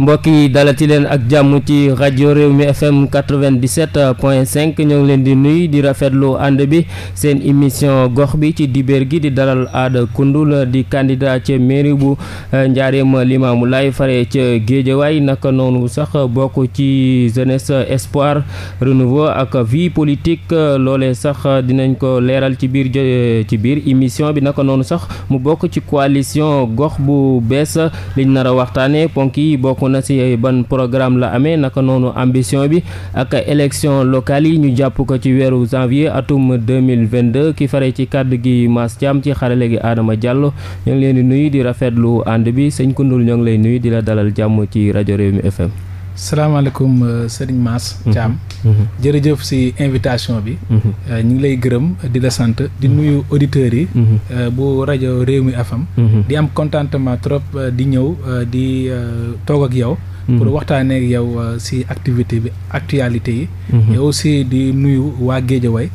mbokk yi dalati leen ak jàmm ci rajo réew mi fm 97 point 5 ñoo ngi leen di nuyu di rafetlu ànd bi seen émission gox bi ci dibéer gi di daral aada kundul di candidat ca mairie bu eh, njaareem limaamu laay fare ca géejawaay naka noonu sax bokk ci jeunesse espoir renouveau ak vie politique eh, loole sax dinañ ko leeral ci biir eh, ci biir émission bi naka noonu sax mu bokk ci coalition gox bu bees liñ nar waxtaane ponk yi bokk bokk na ci eh, ban programme la amee naka noonu ambition bi ak élection locale yi ñu jàpp ko ci weeru janvier atum 2022 ki fare ci kàddu gi Mass Thiam ci xarale gi aadama jàll ñoo ngi leen di nuyu di rafetlu ànd bi sëñ Koundoul ñoo ngi lay nuyu di la dalal jàmm ci rajo mi FM salaamaaleykum euh, Serigne Mass mhm. Thiam mhm. jërëjëf si invitation bi mhm. euh, ñu ngi lay gërëm di la sant di nuyu auditeurs yi euh, bu rajo réew mi afam di am contentement trop di ñëw di toog ak yow pour waxtaanee ak yow si activité bi actualité yi yow si di nuyu waa Géejawaay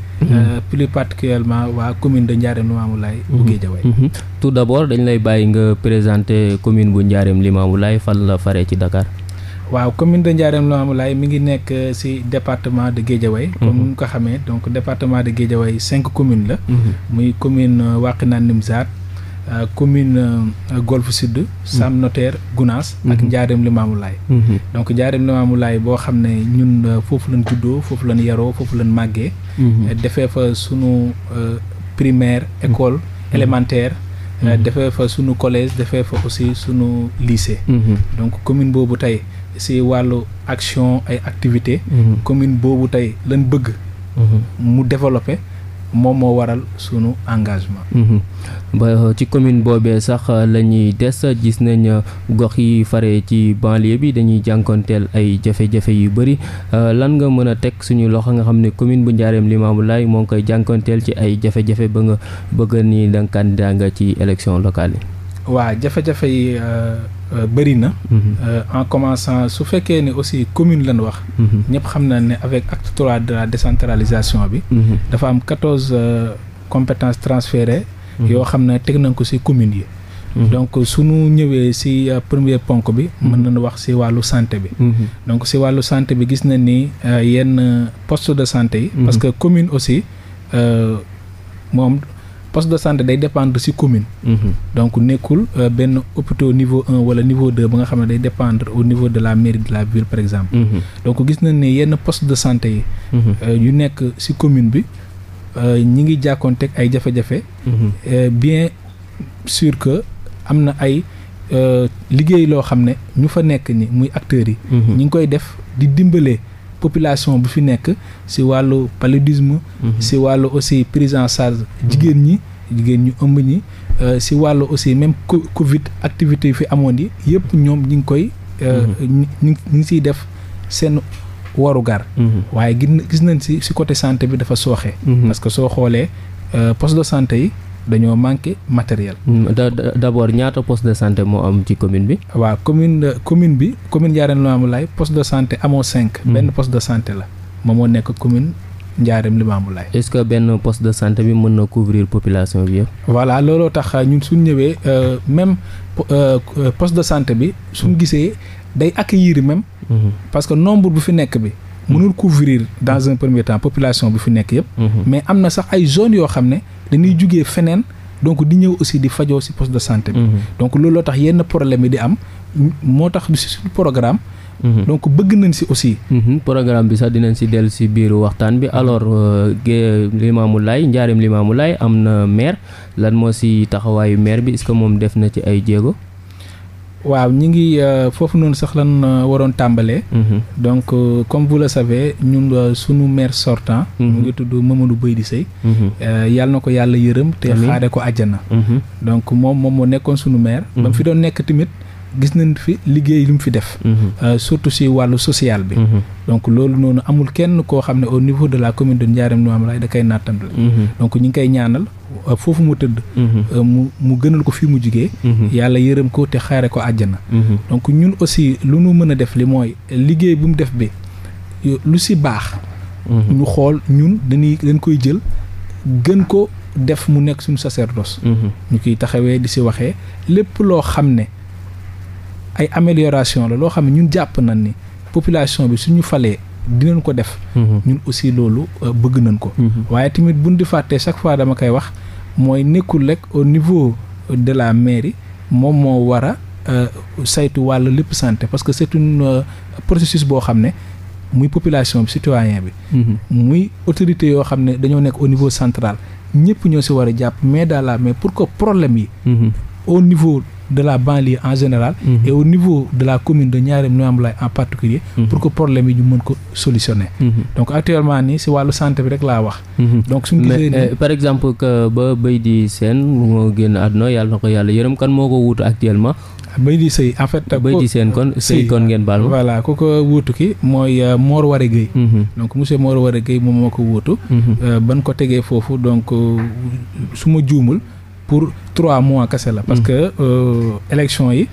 plus particulièrement waa commune de Ndiarème Limamoulaye bu Guédiawaye tout d'abord dañ lay bàyyi nga présenter commune bu Ndiarème Limamoulaye fan la faree ci Dakar waaw commune de Ndiarème Limamoulaye mi ngi nekk ci euh, département de Guédiawaye mhm. comme ni ñu ko xamee donc département de Guédiawaye cinq commune la mhm. muy commune euh, Wakhinane Nimzatt euh, commune Golf Sud Sam mhm. Notaire Gounass ak Ndiarème Limamoulaye donc Ndiarème Limamoulaye boo xam ne ñun foofu lañ juddoo foofu lañ yaroo foofu lan màggee defee fa sunu primaire école élémentaire defee fa sunu collège defee fa aussi sunu lycée donc commune boobu tey si wàllu action ay activité mhm. commune boobu tey lan bëgg mhm. mu développé moom moo waral sunu engagement mhm. ba euh, ci commune boobee sax euh, la ñuy des gis nañ euh, gox yi fare ci banlieue bi dañuy jànkoonteel ay jafe-jafe yu bëri lan nga mën a teg suñu loxo nga xam ne commune bu Njaareem Limaamulaay moo ngi koy jànkonteel ci ay jafe-jafe ba nga bëgg nii da nga nga ci élection locale waa jafe-jafe yi Euh, bëri na. Mhm. Euh, en commençant su fekkee ne aussi commune lañ wax. Mhm. ñëpp xam na ne avec acte trois de décentralisation bi. Mhm. dafa am quatorze euh, compétence transférées. yoo xam na teg na ko ci commune yi. donc suñu ñëwee ci premier ponk bi. mën nañu wax ci wàllu santé bi. donc ci wàllu santé bi gis na ni yenn post de santé yi. parce que commune aussi moom. poste de santé day dépendre ci commune. Mhm. donc nekkul euh, benn hôpital niveau un wala niveau deux ba nga xam ne day dépendre au niveau de la mairie de la ville par exemple. Mhm. donc gis na ne yenn poste de santé yi. Mhm. Euh, yu nekk ci commune bi euh, ñi ngi jàkkoon teg ay jafe-jafe. bien sûr que am na ay liggéey loo xam ne ñu fa nekk ni muy acteurs yi. ñi ngi koy def di dimbale population bu fi nekk si wàllu paludisme mhm. si wàllu aussi prise en charge jigéen mhm. ñi jigéen ñu ëmb ñi euh, si wàllu aussi même covid activité yu fi amoon yi yëpp ñoom ñu ngi koy euh, mhm. ñu ngi siy def seen warugar waaye gis nañ si si côté santé bi dafa sooxe parce que soo xoolee euh, poste de santé yi dañoo manqué matériel. Hmm, d' abord ñaata poste de santé moo am ci commune bi. waaw commune commune bi commune Ndiarème Limamoulaye poste de santé amoo cinq. Hmm. benn poste de santé la moom moo nekk commune Ndiarème de santé bi mën na couvrir population bi yëpp. voilà looloo tax euh, ñun suñ ñëwee euh, même euh, poste de santé bi suñ gisee day accueillir même. Hmm. parce que nombre bu fi nekk bi. mënul couvrir dans un premier temps population bi fi nekk yëpp. mais am na sax ay zones yoo xam ne. dañuy jugee feneen donc di ñëw aussi di fajoo ci poste de santé bi mhm. donc looloo tax yenn problème yi di am moo tax ci programme mhm. donc bëgg nañ ci aussi mhm. programme bi sax dinañ ci dellu ci biiru waxtaan bi alors euh, Limaamu Laay Njaareem Limaamu Laay am na maire lan moo ci taxawaayu maire bi est que moom def na ci ay jéego waaw ñi ngi euh, foofu noonu sax lan euh, waroon tàmbalee. Mhm. donc euh, comme vous le savez ñun sunu maire sortant. Mhm. mu ngi tudd Mamadou di Seye. Mhm. yàlla na ko yàlla yërëm te xaare ko àjjana. donc moom moom moo nekkoon sunu maire. ba mu fi doon nekk tamit gis na fi liggéey lu mu fi def. surtout si wàllu social bi. donc loolu noonu amul kenn koo xam ne au niveau de la commune de Ndiarème Limamoulaye da koy nattandal. donc ñi ngi ñaanal. Euh, foofu mu tëdd mhm. euh, mu mu gënal ko fii mu jugee mhm. yàlla yërëm ko te xaare ko àjjana mhm. donc ñun aussi lu nu mën a def li mooy liggéey bu mu def bi lu si baax ñu xool ñun dañuy dañ koy jël gën ko def mu nekk suñu sacerdoce ñu kiy taxawee di si waxee lépp loo xam ne ay amélioration la loo xam ne ñun jàpp nañ ni population bi suñu falee dinañ ko def. Mhm. ñun aussi loolu euh, bëgg nañ ko. Mhm. waaye tamit buñ di fàttee chaque fois dama koy wax mooy nekkul rek au niveau de la mairie moom moo war a euh, saytu wàllu lépp santé parce que c'est un euh, processus boo xam ne. muy population bi citoyen bi mhm. muy autorité yoo xam ne dañoo nekk au niveau central ñëpp ñoo si war a jàpp mais daa la mais pour que problème yi au niveau de la banlieue en général. Mm -hmm. et au niveau de la commune de Ndiarème Limamoulaye en particulier mm -hmm. pour que problème yi ñu mën ko solutionner. Mhm. donc actuellement nii si wàllu santé bi rek laa wax. Mhm. donc suñu gisee nii eh, par exemple que ba Baydi Sène moo génn àdduna yàlla na ko yàlla yërëm kan moo ko wuutu actuellement. Ah, Baydi Sèye en fait. Baydi Sène kon euh, mhm. donc euh, euh, su ma juumul. pour trois mois kese la. parce mm. que euh, élection yi.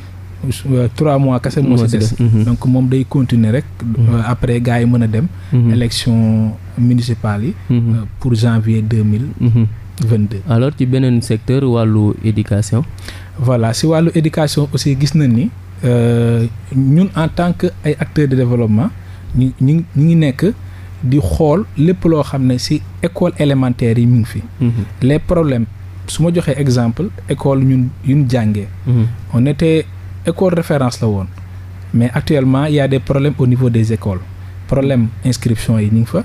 Euh, trois mois kese moo si des mm-hmm. donc moom day continuer rek mm-hmm. euh, après gars yi mën a dem mm-hmm. élection municipale yi pour janvier deux mille vingt deux alors ci beneen secteur wàllu éducation voilà si wàllu éducation aussi gis na ni ñun en tant que ay acteurs de développement ñu ñu ñu ngi nekk di xool lépp loo xam ne si école élémentaire yi mu ngi fi les problèmes su ma joxee exemple école ñun yuñ jàngee. Mhm. on était école référence la woon mais actuellement il y a des problèmes au niveau des écoles problème inscription yi ñu ngi fa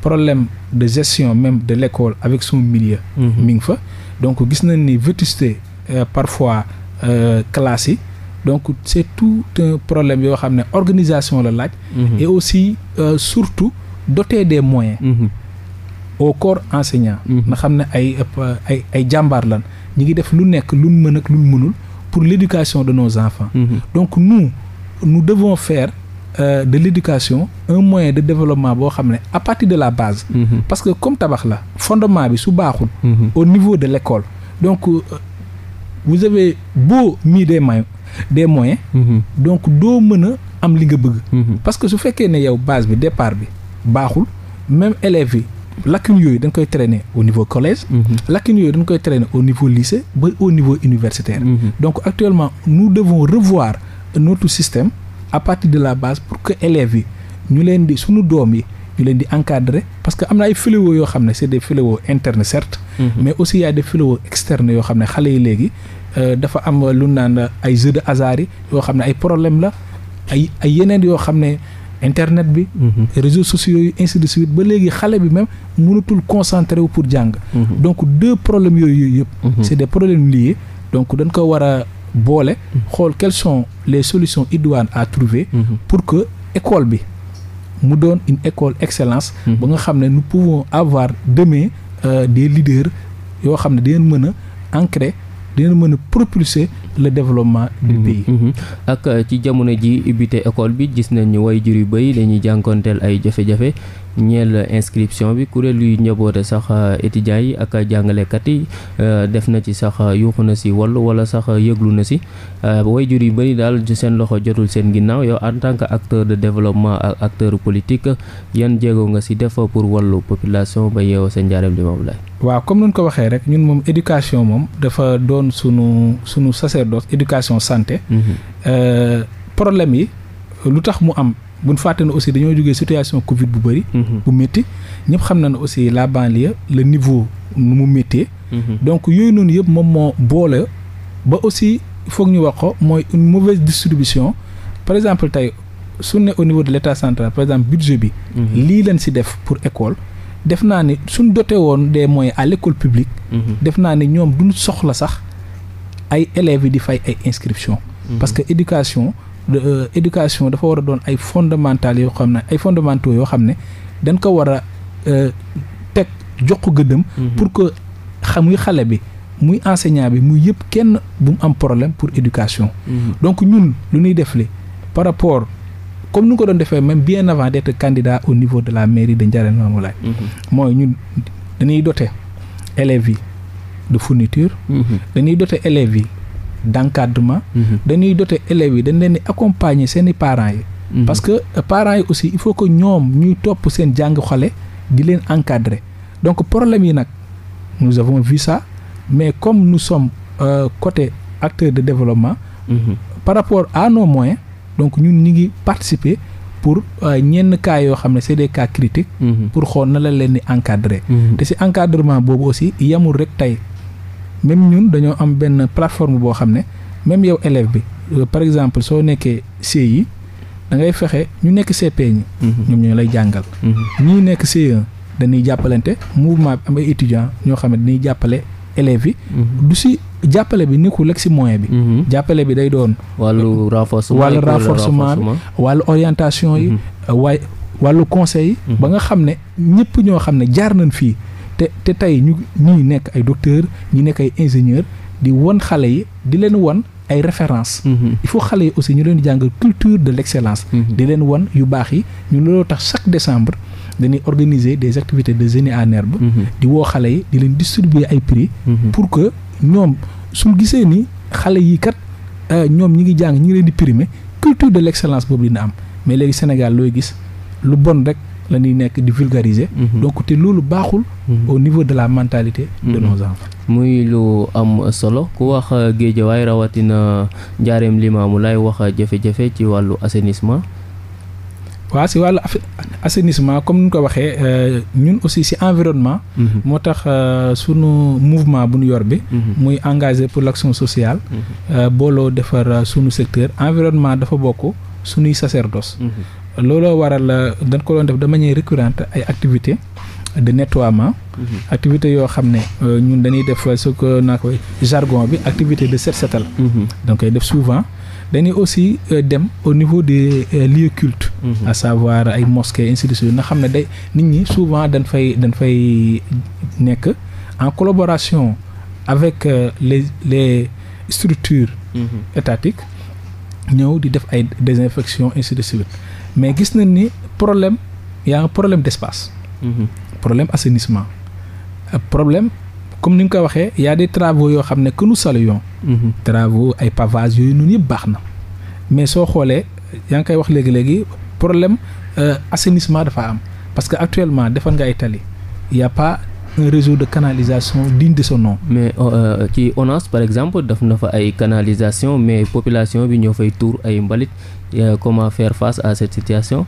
problème de gestion même de l'école avec son milieu. Mhm. mi ngi fa donc gis na ni vétusté euh, parfois euh, classe yi donc c'est tout problème yoo xam ne organisation la laaj. Mhm. et aussi euh, surtout doter des moyens. au corps enseignant. Mhm. na xam ne ay ay ay jàmbaar lan ñu ngi def lu nekk lu mën ak lu mënul pour l'éducation de nos enfants. Mhm. donc nous nous devons faire euh, de l'éducation un moyen de développement boo xam ne à partir de la base. Mhm. parce que comme tabax la fondement bi su baaxul. au niveau de l'école donc euh, vous avez beau mis des moyens des moyens. donc doo mën a am li nga bëgg. parce que su fekkee ne yow base bi départ bi baaxul même élèves lacune yooyu dañ koy traîner au niveau collège. Mhm. lacune yooyu dañ koy traîner au niveau lycée ba au niveau universitaire. Mhm. donc actuellement nous devons revoir notre système à de la base pour que élèves yi ñu leen di suñu doom yi. ñu leen di encadrer parce que am na ay fléaux yoo xam ne c'est des fléaux internes certes mhm. mais aussi y a des fléaux yoo xam ne xale yi léegi euh, dafa am lu naan ay jeux de hasard yoo xam ne ay problème la ay ay yeneen yoo internet bi. Mhm. réseaux sociaux yi ainsi de suite ba léegi xale bi même mënatul concentré wu pour jàng. Mhm. donc deux problèmes yooyu yëpp. Mhm. c' est des problèmes liés donc dañ ko war a boole. xool quelles son les solutions idoines à trouver. pour que école bi mu doon une école excellence. ba nga xam ne nous pouvons avoir demain euh, des leaders yoo xam ne dinañ mën a ancrer. dina mën a propulser le développement du mhm, pays. Mhm. ak euh, ci jamono ji ubbite école bi gis nañu way jur yu bëri dañuy jànkonteel ay jafe-jafe ñeel inscription bi ku kuréel yu njaboote sax euh, étudiants yi ak jàngalekat yi euh, def na ci sax euh, yuuxu na si wàllu wala sax yëglu na si jur yu bëri daal seen loxo jotul seen ginnaaw yow en tant que acteur de développement ak acteur politique yan jéego nga si def pour wallu population ba yeewoo seen njaareem li moom lay waaw comme nuñ ko waxee rek ñun moom éducation moom dafa doon sunu sunu sacerdoce éducation santé mhm. problème yi lu tax mu am buñ fàtte ne aussi dañoo jógee situation Covid bu bëri. Mhm. bu métti ñëpp xam na ne aussi la banlieue le niveau nu mu méttee. Mhm. donc yooyu noonu yëpp moom moo boole ba aussi foog ñu wax ko mooy une mauvaise distribution par exemple tey su ne au niveau de l' état central par exemple budget bi. Mhm. lii leen si def pour école. def naa ne suñ doté woon des moyens à l' publique. def naa ne ñoom duñ soxla sax ay élèves yi di fay ay inscription parce que éducation. Euh, éducation dafa war a doon ay fondamental yoo xam ne ay fondamentaux yoo xam ne dañ ko war a euh, teg jox ko gëddëm mhm. pour que xamuy xale bi muy enseignant bi muy yëpp kenn bu mu am problème pour éducation mhm. donc ñun lu ñuy def li par rapport comme ni ko doon defee même bien avant d'être candidat au niveau de la mairie de Ndiarème Limamoulaye mhm. mooy ñun dañuy doter élèves yi de fourniture dañuy doter élèves yi d'encadrement mhm. dañuy doter élèves yi dañ leen di accompagner seeni i parents yi mhm. parce que euh, parents yi aussi il faut que ñoom ñuy topp seen jàng xale di leen encadrer donc problème yi nag nous avons vu ça mais comme nous sommes euh, côté acteur de développement mmh. par rapport à nos donc ñun ñu ngi participer pour euh, ñenn cas yoo xam ne c'est des cas mhm. pour xool na la leen di encadrer te ci encadrement boobu aussi yamul rek tey même ñun dañoo am benn plateforme boo xam ne même yow élève bi euh, par exemple soo nekkee CI da ngay fexe ñu nekk CP ñi. Mhm. ñoom ñoo lay jàngal. Mhm. nekk ce dañuy jàppalante mouvement bi am ay ñoo xam ne dañuy jàppale élèves yi. Mhm. du si jàppale bi nekkul ak si moyen bi. jàppale bi day doon. wàllu euh, renforcement wàllu renforcement bi wàllu orientation yi. Euh, waaye wàllu conseil ba nga xam ne ñëpp ñoo xam ne jaar nañ fii. te te tey ñu ñuy nekk ay docteur ñu nekk ay ingénieur di won xale yi di leen wan ay référence mhm. il faut xale yi aussi ñu leen jàng culture de l'excellence mhm. di leen won yu baax yi ñu looloo tax chaque décembre dañuy organiser des activités de génie en herbe mhm. di woo xale yi di leen distribuer ay prix pour que ñoom suñ gisee ni xale yi kat euh, ñoom ñi ngi jàng ñi ngi leen di primer culture de l'excellence boobu dina am mais léegi Sénégal looy gis lu bon rek la ñuy nekk di vulgariser. Mhm. donc te loolu baaxul. Mhm. au niveau de la mentalité. de mhm. nos enfants. muy lu am solo ku wax euh, géejawaay rawatina njaareem limaamu lay wax jafe-jafe ci wàllu assainissement. waa si wàllu assainissement comme ni ko waxee euh, ñun aussi si environnement. moo tax euh, sunu mouvement bu nu yor bi. muy engagé pour l'action sociale. booloo defar sunu secteur environnement dafa bokk sunuy sacerdoce. looloo waral euh, dañ ko doon def dama manière récurrente ay activités de nettoiement. Mhm. activité yoo xam ne euh, ñun dañuy def ce que naa koy jargon bi activité de set setal. Mhm. dañ koy def souvent dañuy aussi euh, dem au niveau des lieux cultes. Mhm. à savoir ay mosquées institutions nga xam ne day nit ñi souvent dañ fay dañ fay nekk en collaboration avec les les structures étatiques ñëw di def ay désinfection ainsi de suite mais gis nañ ni problème y a un problème d'espace. Mm-hmm. problème assainissement. Euh, problème comme ni nga koy waxee yaa a des yoo xam ne que nous saluons. Mm-hmm. travaux ay pavage yooyu noonu yëpp baax na mais soo xoolee yaa ngi koy wax léegi léegi problème euh, assainissement dafa am parce que actuellement defar nga ay tali y a pas. un réseau de canalisation digne de son mais euh, ci ONAS par exemple def na fa ay canalisation mais population bi ñoo fay tour ay mbalit Euh, comment faire face à cette situation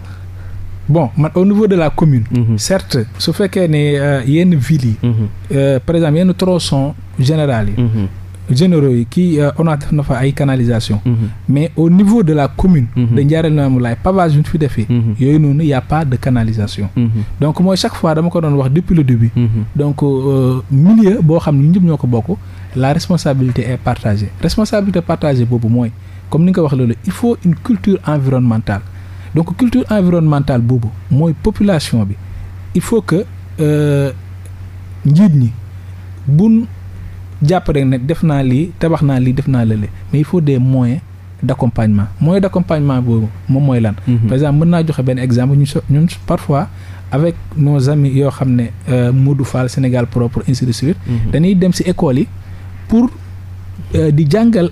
bon man au niveau de la commune mm -hmm. certes su fekkee ne euh, yenn villes yi mhm. euh, par exemple yenn tronçon général yi mhm. généraux yi kii on a def na fa ay canalisation mhm. mais au niveau de la commune mm -hmm. de Ndiarème Limamoulaye pavage yu ñu fi defee yooyu noonu y a pas de canalisation donc mooy chaque fois dama ko doon wax depuis le début donc milieu boo xam ne ñëpp ñoo ko bokk la responsabilité est partagée responsabilité partagée boobu comme ni nga ko wax loolu il faut une culture environnementale donc culture environnementale boobu mooy population bi il faut que euh, njiit ñi buñ jàpp rek ne def naa lii tabax naa lii def naa lële mais il faut des moyens d' accompagnement moyens d' accompagnement boobu moom mooy lan. Mhm. par exemple mën naa joxe benn exemple ñu so ñun parfois avec nos amis yoo xam ne euh, Modou Fall Sénégal propre ainsi de suite. Mhm. dañuy dem ci école yi pour euh, di jàngal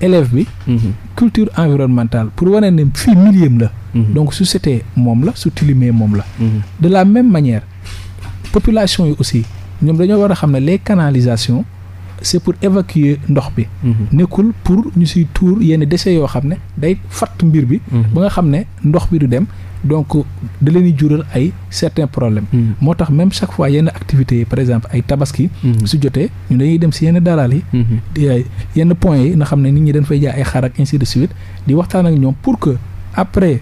élève bi. Mhm. culture environnementale pour wane ne fi milieu la. Mhm. donc su setee moom la su tilimee moom la. Mhm. de la même manière population yi aussi ñoom dañoo war a xam ne les canalisations. c'est pour évacuer ndox bi. Mhm. nekkul pour ñu siy tuur yenn déchets yoo xam ne day fat mbir bi. Mhm. ba nga xam ne ndox bi du dem. donc da leen di jural ay certains problèmes. Mhm. moo tax même chaque fois yenn activités yi par exemple ay tabaski. su jotee ñu dañuy dem si yenn dalaal yi. yenn points yi na xam ne nit ñi dañ fay jaay ay xar ak ainsi de suite di waxtaan ak ñoom pour que après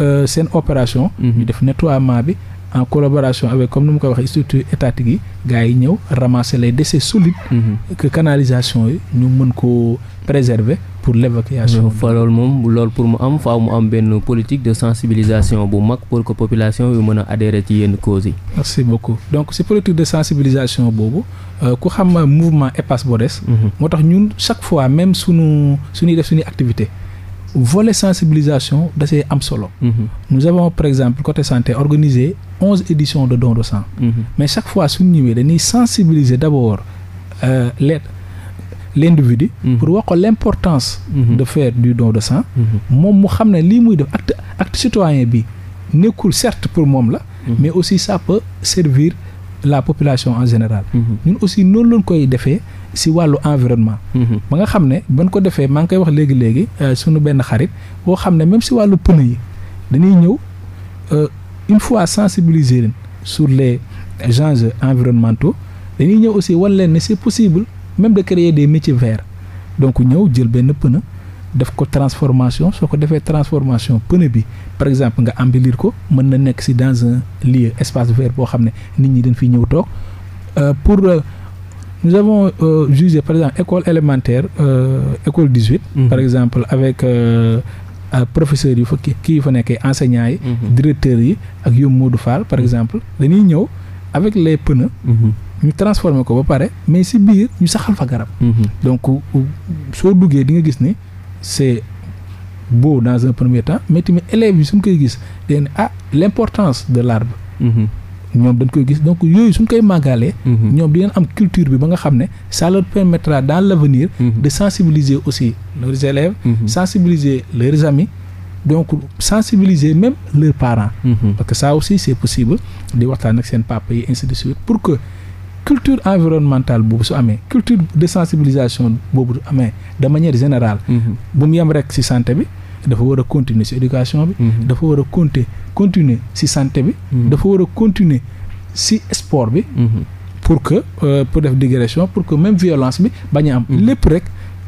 euh, seen opération. ñu def nettoiement bi. en collaboration avec comme ni ma koy waxee structure étatique yi gars yi ñëw ramasser les déchets solides. Mhm. que canalisation yi ñu mën koo préserver pour l'évacuation. fa loolu moom lool pour mu am fa mu am benn politique de sensibilisation bu mag pour ko population yu mën a adhérer ci yenn causes yi. merci beaucoup donc si politique de sensibilisation boobu euh, ku xam mouvement EPAS Bodes. Mhm. moo tax ñun chaque fois même sunu suñuy def suñuy activité. volet sensibilisation da see am solo. Mhm. nous avons par exemple côté santé organisé onze éditions de don de sang. Mhm. mais chaque fois suñu ñëwee dañuy sensibiliser d' abord euh, les l'individu mhm. pour wax ko l' importance. de faire du don de sang. moom mu xam ne lii muy def acte citoyen bi nekkul certes pour moom la. mais aussi ça peut servir la population en général. ñun aussi noonu lañ koy defee. si wàllu environnement. Mhm. ba nga xam ne ban ko defee ma ngi koy wax léegi léegi euh, sunu benn xarit boo xam ne même si wàllu pneu yi dañuy ñëw euh, une fois sensibiliser leen sur les enjeux environnementaux dañuy ñëw aussi wan leen ne c'est possible même de créer des métiers verts donc ñëw jël benn pneu def ko transformation soo ko defee transformation pneu bi par exemple nga embellir ko mën na nekk si dans un lieu espace vert boo xam ne nit ñi dañ fi ñëw toog euh, nous avons use euh, par exemple école élémentaire euh, école 18 mhm. par exemple avec euh, professeurs yi fa kii fa nekkee enseignants yi mhm. directeurs yi ak yom Modou Fall par mhm. exemple dañuy ñëw avec les pneus ñu transformer ko ba pare mais si biir ñu saxal fa garab donc soo duggee di nga gis ni c'est beau dans un premier temps mais élèves yi su ñu koy gis dañ ah l'importance de l'arbre ñoom dañ koy gis donc yooyu suñ koy màggalee mhm. ñoom dinañ am culture bi ba nga xam ne ça leur permettra dans l'avenir mhm. de sensibiliser aussi leurs élèves mhm. sensibiliser leurs amis donc sensibiliser même leurs parent parce que ça aussi c'est possible di waxtaan ak seen papa yi ainsi pour que culture environnementale boobu su amee culture de sensibilisation boobu amee de manière générale bu mu yem rek ci santé bi dafa war a continuer ci éducation bi. Mhm. dafa war a compter continuer ci santé bi. Mhm. dafa war a continuer ci sport bi. Mhm. pour que euh, pour def digression pour que même violence bi bañ a am. lépp rek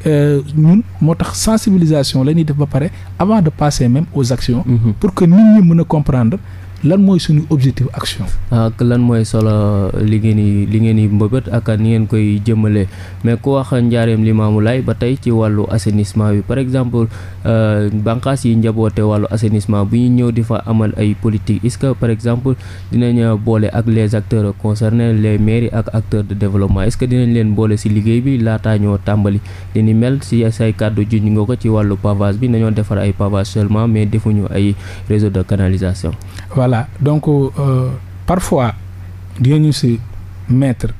euh, ñun moo tax sensibilisation la ñuy def ba pare avant de passer même aux actions. pour que nit ñi mën a comprendre. lan mooy suñu objectif action. ak lan mooy solo li ngeen di li ngeen di mbëbët ak ni ngeen koy jëmmalee mais ku wax njaareem limaamu laay ba tey ci wàllu assainissement bi par exemple euh, bànqaas yi njaboote wàllu assainissement bu ñu ñëw di fa amal ay politique est-ce que par exemple dinañ boole ak les acteurs concernés les mairies ak acteurs de développement est-ce que dinañ leen boole si liggéey bi laataa ñoo tàmbali li ni mel si say kàddu juñ nga ko ci wàllu pavage bi nañoo defar ay pavage mais defuñu ay réseau de canalisation. voilà donc euh, parfois dinañu si mettre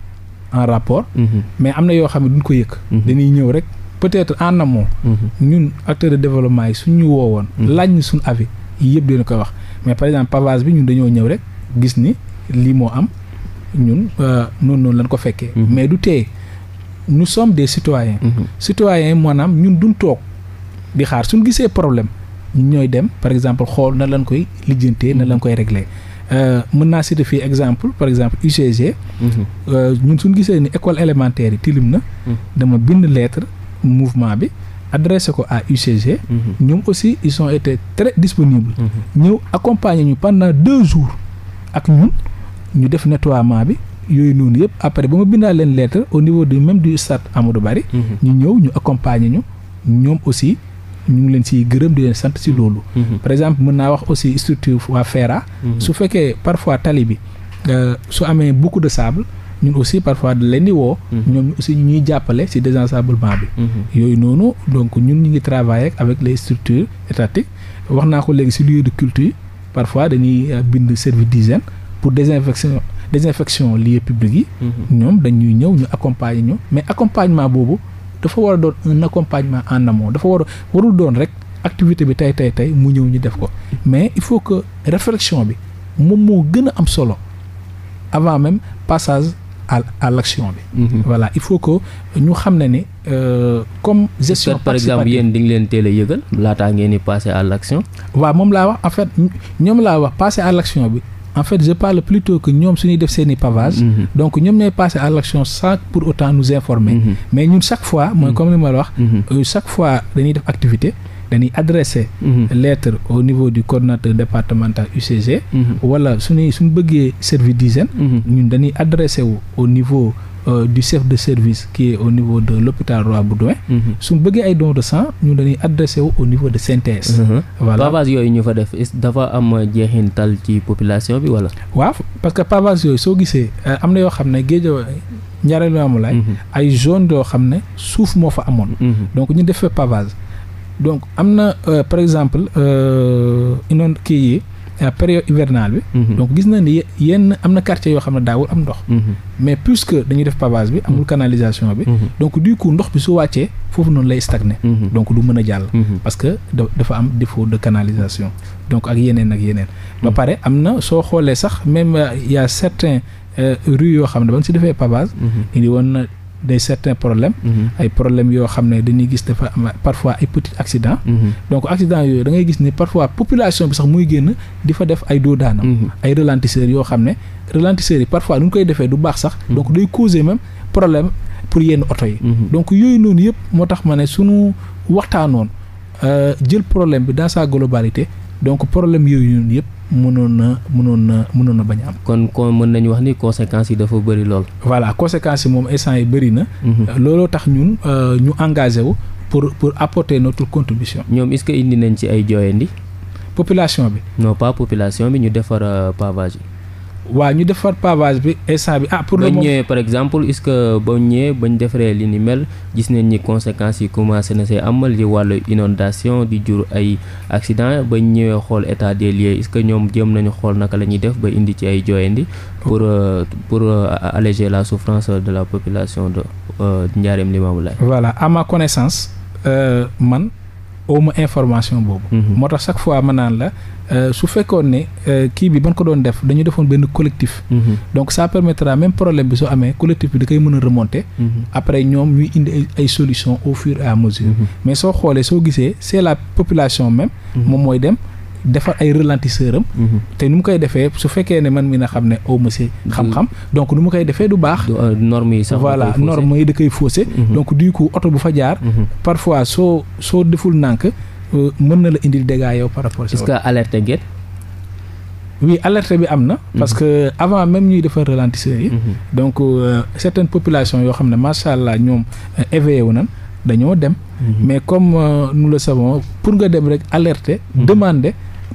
en rapport. Mhm. mais am na yoo xam ne duñ ko yëkk mhm. dañuy ñëw rek peut-être en amont. Mhm. ñun acteurs de développement yi suñ ñu woowoon. laaj ñu suñ avis yii yëpp dañu koy wax mais par exemple pavage bi ñun dañoo ñëw rek gis ni lii moo am ñun euh, noonu noonu lañ ko fekkee. mais du tee nu sommes des citoyens. Mm -hmm. maanaam ñun duñ toog di xaar suñ gisee problème. ñooy dem par exemple xool na lañ koy lijjantee na lañ mhm. koy régler euh, mën naa citer fii exemple par exemple UCG. Mhm. Euh, ñu suñ gisee ni école élémentaire yi tilim na. Mhm. dama bind lettre mouvement bi adressé ko a UCG. ñoom aussi ils ont été très disponibles. ñëw accompagner ñu pendant deux jours ak ñun ñu def nettoiement bi. yooyu noonu yëpp après ba ma bindaa leen lettre au niveau du même du stade Amadou Barry ñu ñëw ñu accompagner ñu ñoom aussi ñu ngi leen siy gërëm di leen sant si loolu. Mhm. par exemple mën naa wax aussi structure waa FERA. Mhm. su fekkee parfois tali bi euh, su amee beaucoup de sable. ñun aussi parfois da leen di woo. Mhm. ñoom aussi ñuy jàppale ci désensablement bi. yooyu noonu donc ñun ñu ngi travailler avec les structures étatiques wax naa ko léegi ci lieu de culture parfois dañuy euh, bind service d'hygiène pour désinfection lieu public yi. ñoom dañuy ñëw ñu accompagner ñu mais accompagnement boobu dafa war a doon un en amont dafa war a warul doon rek activité bi tey tey tey mu ñëw ñu def ko mais il faut que réflexion bi moom moo gën a am solo avant même passage à à l'action bi. Mhm. voilà il faut que ñu xam ne ne euh, comme. gestion par exemple yéen di nga leen teel a yëgal laataa ngeen di passer à l'action. waaw moom laa wax en fait ñoom laa wax passer à l'action bi. en fait je parle plutôt que ñoom suñuy def seen i pavage mm-hmm. donc ñoom ñooy passer à l'action sans pour autant nous informer mm-hmm. mais ñun chaque fois mooy mm-hmm. comme li ma la wax euh, chaque fois dañuy def activité dañuy adressé lettre au niveau du coordonnateur départemental UCG wala suñuy suñu bëggee service d'hygiène ñun dañuy adressé au niveau Euh, du chef de service qui est au niveau de l'hôpital Roi Baudouin mhm. su bëggee ay dons de sang ñu dañuy adressé wu au niveau de CNTS mhm. pavage yooyu ñu fa def dafa am jeexintal ci population bi wala waaw parce que pavage yooyu soo gisee euh, am na yoo xam ne Guédiawaye Ndiarème Limamoulaye mhm. ay zone yoo xam ne suuf moo fa amoon donc ñu def fa pavage donc am na euh, par exemple inond kii période hivernale bi. Mhm. donc gis na ni yenn am na quartier yoo xam ne daawul am ndox. Mhm. mais puisque dañuy def pavage bi mhm. amul canalisation bi. donc du coup ndox bi su wàccee foofu noonu lay stagné. donc du mën a jàll. parce que dafa am défaut de canalisation donc ak yeneen ak yeneen. ba pare am na soo xoolee sax même euh, y a certains euh, rues yoo xam ne ba mu si defee pavage. indi woon na des certains problèmes mhm. ay problèmes yoo xam ne dañuy gis dafa am parfois ay petits accidents mhm. donc accident yooyu da ngay gis ni parfois population bi sax muy génn di fa def ay doodaanam mhm. ay ralentisseurs yoo xam ne ralentisseurs yi parfois nu ñu koy defee du baax sax donc day causer même problème pour yenn oto yi donc yooyu noonu yëpp moo tax ma ne suñu waxtaanoon euh, jël problème bi dans sa globalité donc problème yooyu noonu yëpp mënoon na mënoon na mënoon na bañ am. kon kon mën nañu wax ni conséquence yi dafa bëri lool. voilà conséquences yi moom instant yi bëri na. Mhm. Euh, looloo tax ñun euh, ñu engagé wu pour pour apporter notre contribution. ñoom est-ce que indi nañ ci ay jooyandi. population bi. non pas population bi ñu defar euh, pavage yi. waaw ñu defar pavage bi instant bi ah. pour le moment ñëwee par exemple est-ce que ba ñëwee defaree li ni mel gis nañ ni conséquences yi commencé na see amal li wàllu inondation di jur ay accident bañ ñëwee xool état des lieux est que ñoom jéem nañu xool naka la ñuy def ba indi ci ay jooyandi. pour euh, pour euh, alléger la souffrance de la population de euh, Ndiarème Limamoulaye. voilà à ma connaissance man. awma information boobu. Mhm. moo tax chaque fois ma naan la euh, su fekkoon ne euh, kii bi ban ko doon def dañu defoon benn collectif. Mhm. donc ça permettra même problème bi su amee collectif bi da koy mën a remonter. Mhm. après ñoom ñuy indi ay solutions au fur à mesure. mais soo xoolee soo gisee c'est la population même. moom mooy dem. defar ay ralentisseur am mhm. te nu mu koy defee su fekkee ne man mi na xam ne aw ma si xam-xam mhm. donc nu mu koy defee du baax euh, norme yi sax voilà norme yi da koy faussé mhm. donc du coup oto bu fa jaar parfois soo soo deful nànk euh, mën na la indil dégâts yow par rapport est-ce que alerte ngeen oui alerte bi am na parce que avant même ñuy defar ralentisseur yi donc euh, certaines populations yoo xam ne macha allah ñoom éveillé wu nan dañoo dem mais comme nous le savons pour nga dem rek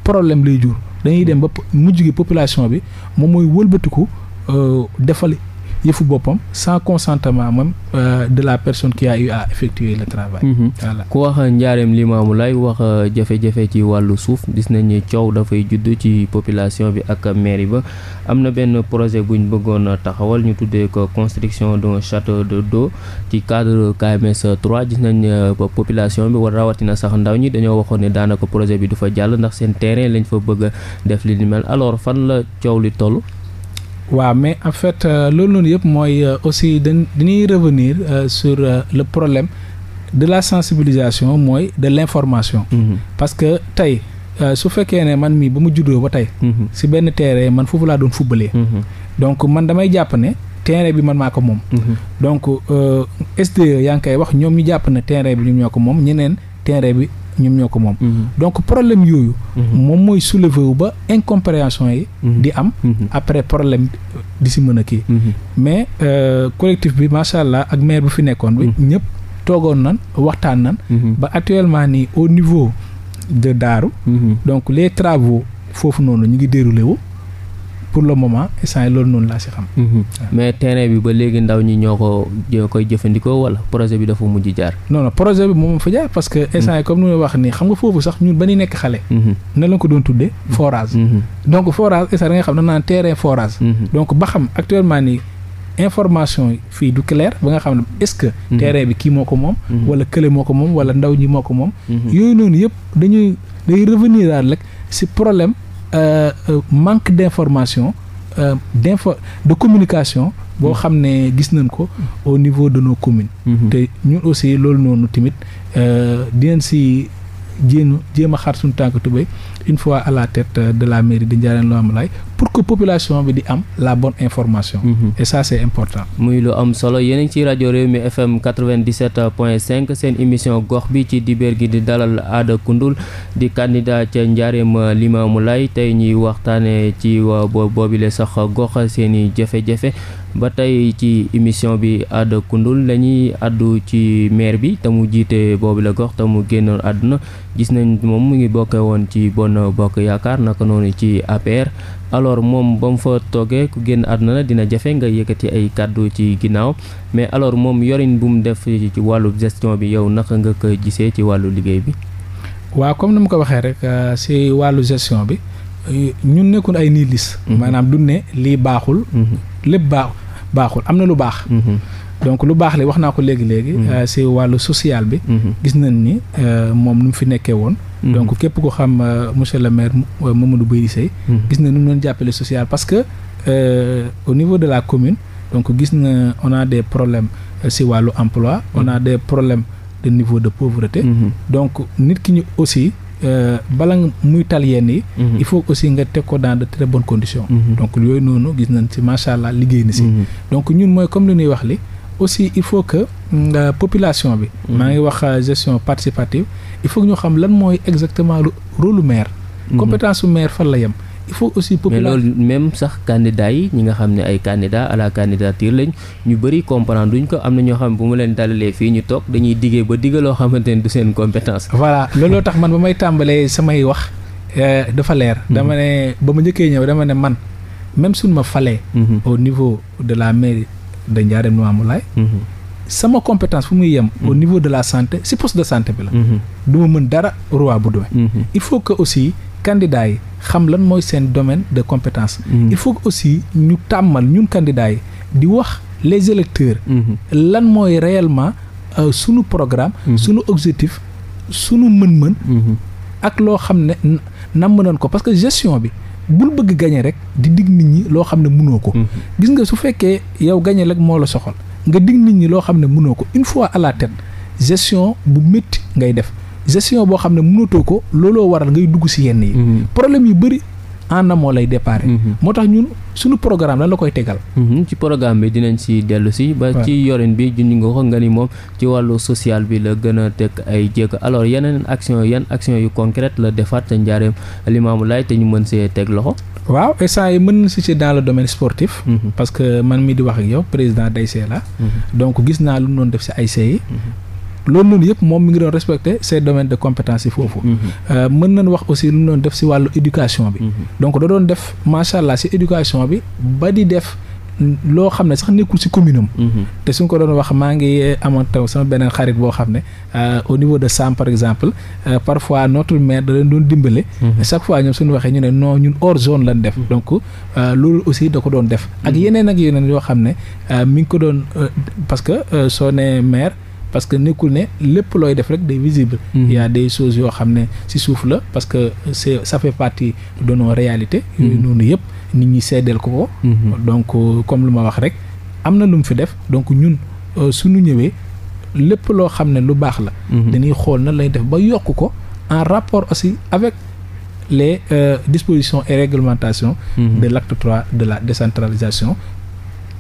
problème lay jur dañuy dem ba mujj gi population bi moom mooy wëlbatiku euh, defale yëfu boppam sans consentement même euh, de la personne qui a à effectuer le travail. Mhm. voilà ku wax njaareem Limaamu Laay wax euh, jafe-jafe ci wàllu suuf gis nañ ne coow dafay juddu ci population bi ak mairie ba am na benn projet bu ñu bëggoon a taxawal ñu tuddee ko construction d'un château de d'eau ci cadre KMS 3 gis nañ euh, population bi war rawatina sax ndaw ñi dañoo waxoon ne daanaka projet bi du fa jàll ndax seen terrain lañ fa bëgg def lii ni mel alors fan la coow li toll. waaw mais en fait euh, loolu loolu yëpp mooy euh, aussi dañ dañuy revenir euh, sur euh, le problème de la sensibilisation mooy de l'information mm -hmm. parce que tey su fekkee ne man mii ba mu juddoo ba tey mhm. si benn terrain man foofu laa doon fubalee mhm. donc man damay jàpp ne terrain bi man maa ko moom mhm. donc SDE yaa ngi koy wax ñoom ñu jàpp na terrain bi ñoom ñoo ko moom ñeneen terrain bi ñoom ñoo ko moom mhm. donc problème yooyu mhm. moom mooy soulever wu ba incompréhension yi mhm. di am après problème di si mën a kii mais euh, collectif bi macha allah ak maire bu fi nekkoon ñëpp toogoon nan waxtaan nan ba actuellement nii au niveau de Daaru donc les travaux foofu noonu ñu ngi déroulé wu pour le moment instant loolu noonu laa si xam. Mhm. mais terrain bi ba léegi ndaw ñi ñoo ko ñoo koy jëfandikoo wala projet bi dafa mujj jaar. non non projet bi moom fa jaar parce que. Mhm. instant comme nu wax nii xam nga foofu sax ñun ba ñu nekk xale. Mhm. nan la ko doon tuddee forage. donc forage instant nga xam ne naan terrain forage. donc ba xam actuellement nii. information fii du clair ba nga xam ne est-ce bi kii moo ko moom wala kële moo ko moom wala Euh, euh, manque d'information euh, d'info de communication boo mm. xam ne gis nañ ko au niveau de nos communes mm-hmm. te ñun aussi loolu noonu tamit dinañ si jéem jéem a xar suñu tànk tubéy une fois à la tête euh, de la mairie de Ndiarème Limamoulaye pour que population bi di am la bonne information. Mhm. et ça c'est important. muy lu am solo yéen a ngi ci rajo Rewmi FM 97.5 seen émission gox bi ci dibéer gi di dalal Ada Coundoul di candidat ca Ndiarème Limamoulaye tey ñuy waxtaanee ci euh, boobile sax gox seeni i jafe ba tey ci émission bi Ada Coundoul la ñuy àddu ci maire bi te mu jiite boobu la gox te mu génnoon àdduna gis nañ moom mu ngi bokke woon ci bonn bokk yaakaar naka noonu ci APR alors moom ba mu fa toogee ku génn àdduna la dina jafe nga yëkkati ay kàddu ci ginnaaw mais alors moom yoriñ bu mu def ci wàllu gestion bi yow naka nga ko gisee ci wàllu liggéey bi waaw comme ni mu ko waxee rek si euh, wàllu gestion bi euh, ñun nekkul ay niilis mhm. maanaam du ne lii baaxul mhm. lépp baaxul am na lu baax. Mhm. donc lu baax li wax naa ko léegi léegi. si wàllu social bi. Mhm. gis na ni euh, moom nu mu fi nekkee woon. Mhm. donc képp ko xam euh, monsieur le maire euh, Mamadou Baydi Seye. gis na nu mu doon jàppale social parce que euh, au niveau de la commune donc gis na on a des problèmes si wàllu emploi on a des problèmes de niveau de pauvreté. donc nit ki ñu aussi. Euh, bala muy tal yenn yi. Mhm. il faut aussi nga teg ko dans de très bonnes condition mhm. donc yooyu noonu gis nañ ci macha allah liggéey na si. Mhm. donc ñun mooy comme li nuy wax li aussi il faut que mm, euh, population bi. maa ngi wax euh, gestion participative il faut que ñu xam lan mooy exactement rôle lu maire. compétence maire fan la yem. il faut aussi population mais loolu même sax candidat yi ñi nga xam ne ay candidat à la candidature lañ ñu bëri comprendre duñ ko am na ñoo xam ne bu ma leen dalalee fii ñu toog dañuy diggee ba diggaloo xamante ne du seen compétence voilà looloo tax man ba may tàmbalee samay wax euh, dafa leer mhm. dama ne ba ma njëkkee ñëw dama ne man même suñ ma falee mhm. au niveau de la mairie de Ndiarème Limamoulaye mhm. sama compétence fu muy yem au niveau de la santé si poste de santé bi la du ma dara roi candidats yi xam lan mooy seen domaine de compétence. Mm-hmm. il faut aussi ñu tàmmal ñun candidats yi di wax les électeurs. Mm-hmm. lan mooy réellement euh, sunu programme. Mm-hmm. sunu objectif sunu mën-mën. ak loo xam ne namm naan ko parce que gestion bi. bul bëgg gañe rek di digg nit ñi loo xam ne mënoo ko. gis nga su fekkee yow gañe rek moo la soxal nga digg nit ñi loo xam ne mënoo ko une fois à la tête gestion bu métti ngay def. gestion boo xam ne mënatoo ko looloo waral ngay dugg si yenn yi. Mhm. problème yu bëri en amont lay départ. Mhm. moo tax ñun suñu programme lan la koy tegal. Mhm. ci programme bi dinañ si dellu si. ba ci yorin bi junj nga ko nga ni moom ci wàllu social bi la gën a teg ay jéego alors yeneen action yan action yu concrète la defaat te njaareem Limaamu Laay te ñu mën see teg loxo. waaw instant yi mën na si dans le domaine sportif. parce que man mi di wax ak yow président d'AIC la. donc gis naa lu mu si AIC yi. loolu yëpp moom mi ngi doon respecté ses domaines de compétence yi foofu. Mhm. Euh, mën nañ wax aussi lu ñu doon def si wàllu éducation bi. Mhm. donc da doon def macha allah si éducation bi ba di def. loo xam ne sax nekkul ci commune am mhm. te suñ ko doon wax maa ngi amoon taw sama beneen xarit boo xam ne euh, au niveau de Sam par exemple euh, parfois notre maire da leen doon dimbale chaque fois ñoom suñu waxee ñu ne noo ñun hors zone lañ def donc loolu aussi da ko doon def ak yeneen ak yeneen yoo xam ne mi ngi ko doon parce que soo ne maire parce que nekkul ne lépp looy def rek day visible. Mhm. il y a des yoo xam ne ci suuf la parce que c'est ça fait partie de réalité mhm. yooyu noonu yëpp nit ñi seddeel ko ko. Mhm. donc euh, comme lu ma wax rek am na lu mu fi def donc ñun euh, suñu ñëwee lépp loo xam ne lu baax la. dañuy xool na lay def ba yokk ko en rapport aussi avec. les euh, dispositions et réglementations. Mm de l'acte 3 de la décentralisation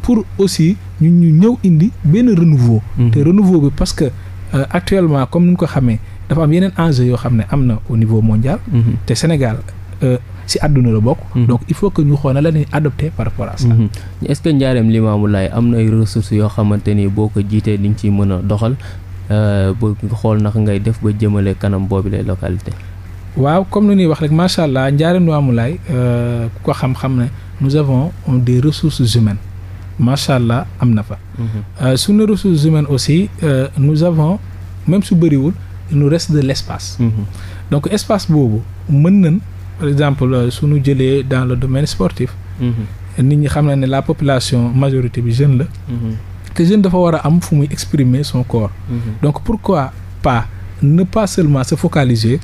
pour aussi ñu ñu ñëw indi benn renouveau te renouveau bi parce que euh, actuellement comme ni ñu ko xamee dafa am yeneen enjeu yoo xam ne am na au niveau mondial te Sénégal euh, si àdduna la bokk donc il faut que ñu xool na la ñuy adopté par rapport à ça est-ce que njaareem Limaamu Laay am na ay ressources yoo xamante ni boo ko jiitee di nga ciy mën a doxal euh, ba xool naka ngay def ba jëmalee kanam boobi lay localité waaw comme ni ñuy wax rek macha allah njaareem Limaamu Laay ku ko xam-xam ne nous avons des ressources humaines macha allah am na fa. Mhm. Euh, suñu ressources humaines aussi euh, nous avons même su bëriwul nu nous reste de l' mhm. donc espace boobu mën nañ par exemple euh, suñu jëlee dans le domaine sportif. Mhm. nit ñi xam na ne la population majorité bi jeune la. te jeune dafa war a am fu muy exprimer son corps. Mm -hmm. donc pourquoi pas ne pas seulement se focaliser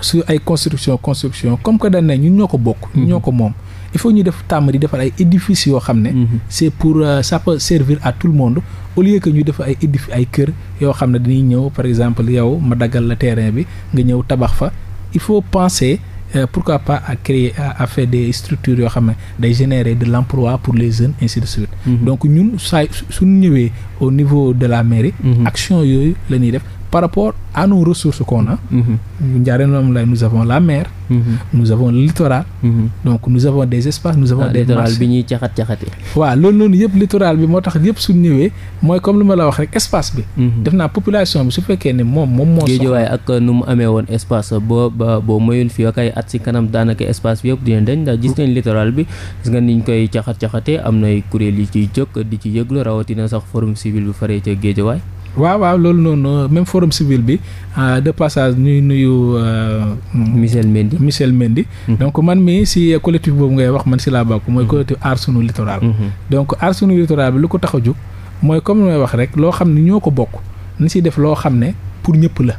su ay construction construction comme que dañ ne ñoo ko bokk. ñoo ko moom. il faut ñu def tàmm di defar ay édifices yoo xam ne. Mhm. c'est pour euh, ça peut servir à tout le monde au lieu que ñu def ay édifices ay kër yoo xam ne dañuy ñëw par exemple yow ma daggal la terrain bi nga ñëw tabax fa il faut penser. Euh, pourquoi pas a créer à, à des structures yoo xam ne day générer de l'emploi pour les jeunes ainsi de suite. Mhm. donc ñun saa su ñëwee au niveau de la mairie. Mm action yooyu la ñuy def par rapport à nos ressources qu'on a. Mhm. Ndiarème Limamoulaye nous avons la mer. Mhm. nous avons littoral. Mhm. donc nous avons des espaces nous avons ah, des. littoral bi ñuy caxat caxatee. waaw loolu noonu yëpp littoral moo tax yëpp su ñëwee mooy comme li ma la wax rek espace bi. def naa population bi su fekkee ne moom moom moo. soxla Géejawaay ak nu mu amee woon espace boo boo mayul fii at si kanam daanaka espace bi yëpp dina dañ ndax gis nañ littoral bi gis nga niñ koy caxat caxatee am nay kuréel yi ciy jëkk di ci yëglu rawatina sax forum civil bu faree ca Géejawaay. waaw waaw loolu noonu même forum civil bi euh, de passage ñuy nuyu. Euh, Michel Mendy Michel Mendy. Mm-hmm. donc man mii si collectif boobu ngay wax man si laa bokk. mooy mm-hmm. collectif aar sunu littoral. Mm-hmm. donc aar sunu littoral bi lu ko tax a jóg. mooy comme mooy wax rek loo xam ne ñoo ko bokk nañ si def loo xam ne pour ñëpp la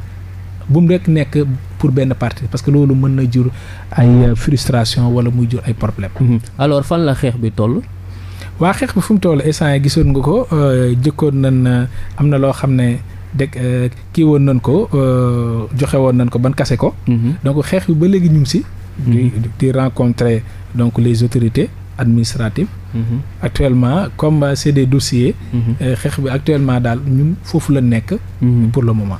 bu mu rek nekk pour benn partie parce que loolu mën na jur ay euh, frustration wala muy jur ay problème alors fan la xeex bi toll. waa xeex bi fu mu toll instant yi gisoon nga ko euh, jëkkoon nañ euh, am na loo xam ne dégg euh, kii woon nañ ko joxe woon nañ ko ban kase ko. Mhm. donc xeex bi ba léegi ñu ngi si. di mhm. di rencontrer donc les autorités administratives. Mm-hmm. actuellement comme euh, c'est des dossiers. Mm-hmm. Euh, xeex bi actuellement daal ñun foofu la nekk. Mm-hmm. pour le moment.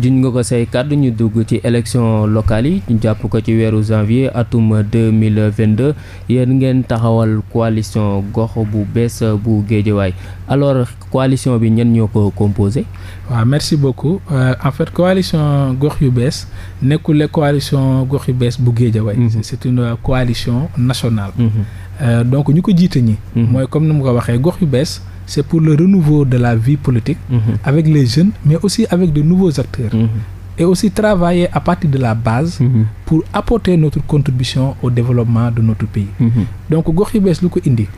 juñ nga ko say kàddu ñu dugg ci élection locale yi jàpp ko ci weeru janvier atum deux mille vingt deux yéen ngeen taxawal coalition gox bu bees bu géejewaay alors coalition bi ñenn ñoo ko composé. waaw merci beaucoup euh, en fait coalition gox yu bees nekkule coalition gox yu bees bu géejewaay. c'est euh, national Euh, donc ñu ko jiite ñi. Mhm. mooy comme ni mu ko waxee gox yu bees. c'est pour le renouveau de la vie politique. Mhm. avec les jeunes mais aussi avec de nouveaux acteurs. Mhm. et aussi travailler à partir de la base. pour apporter notre contribution au développement de notre pays. donc gox yu bees lu ko indi.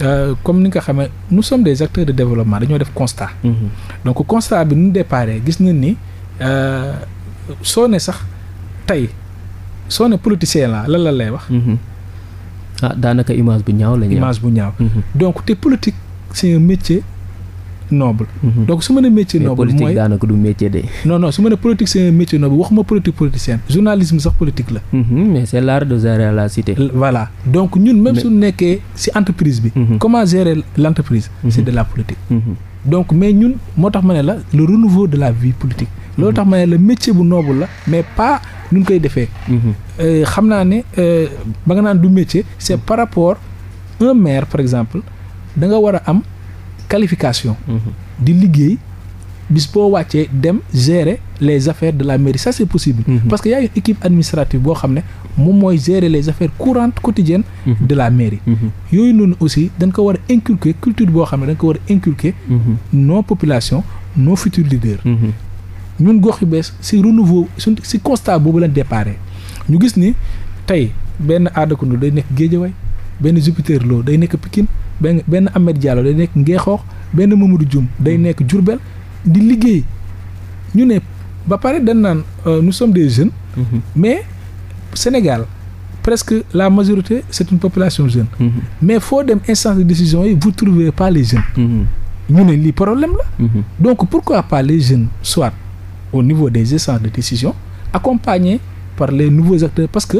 Euh, comme ni nga xamee nous sommes des acteurs de développement dañoo def constat. donc constat bi nu déparé gis nañ ni euh, soo ne sax tey soo ne politicien la lan la lay wax. Ah, daanaka image bu ñaaw la image bu ñaaw. Mm-hmm. donc te politique c'est un noble. Mm-hmm. donc su ma nee métier noble. mooy politique daanaka du métier de. non non su ma nee politique c'est un métier noble waxuma politique politicienne journalisme sax politique la. Mm-hmm. mais c'est l'art de gérer la cité. voilà donc ñun même su nekkee ci entreprise bi. comment gérer l'entreprise. c'est de la politique. donc mais ñun moo tax ma ne la le renouveau de la vie politique. loolu tax ma ne la métier bu noble la mais pas nu koy defee. Mhm. Euh, xam naa ne euh, ba nga naan du métier. c' est par rapport un maire par exemple da nga war a am qualification. Mhm. di liggéey bis boo wàccee dem gérer. les affaires de la mairie ça c'est possible mhm. parce que y a équipe administrative boo xam ne moom mooy gérer les affaires courantes quotidiennes mhm. de la mairie mhm. yooyu noonu aussi dañ ko war a inculquer culture boo xam ne dañ ko war a inculquer nos populations nos futurs leaders ñun gox yu bees si renouveau suñ si constat boobu la déparé ñu gis ni tey benn Aada Coundoul day nekk Guédiawaye benn Jupiter loo day nekk Pikine benn benn Ahmed Diallo day nekk Ngexoox benn Mamadou Dioum day nekk Diourbel di liggéey ba pare dañ naan euh, nous sommes des jeunes. Mm-hmm. mais Sénégal presque la majorité c'est une population jeune. Mm-hmm. mais foo dem instance de décision yi vous trouver par les jeunes. Mm-hmm. ñu ne lii problème la. donc pourquoi pas les jeunes soit au niveau des instances de décision accompagnés par les nouveaux acteurs parce que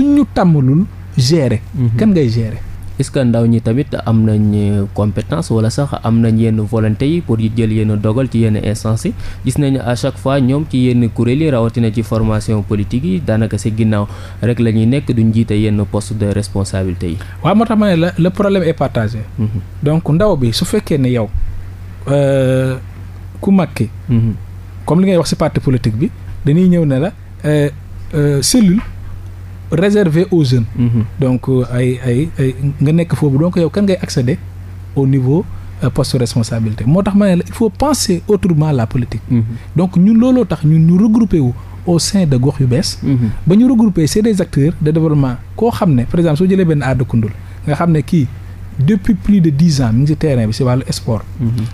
ñu tàmmalul gérer. kan ngay gérer. est-ce que ndaw ñi tamit am nañ euh, compétence wala sax am nañ yenn volonté yi pour jël yenn dogal ci yenn instance yi gis nañ à chaque fois ñoom ci yenn kuréel yi rawatina ci formation politique yi daanaka si ginnaaw rek la ñuy nekk duñ jiite yenn post de responsabilité yi. waaw moo tax ma ne la le problème est mhm. donc ndaw bi su fekkee ne yow euh, ku mag ki mhm. comme li ngay wax si parti politique bi dañuy ñëw ne la euh, cellule. réservé aux jeunes. Mhm. donc euh, ay ay ay nga nekk foofu donc yow kan ngay accéder au niveau euh, poste responsabilité moo tax ma ne la il faut penser autrement la politique. Mhm. donc ñun looloo tax ñun ñu regroupé wu. au sein de gox yu bees. Mhm. ba ñu regroupé c'est des acteurs de développement koo xam ne par exemple soo jëlee benn aada kundul nga xam ne kii. depuis pris de dix ans mi ngi si terrain bi si wàllu sport.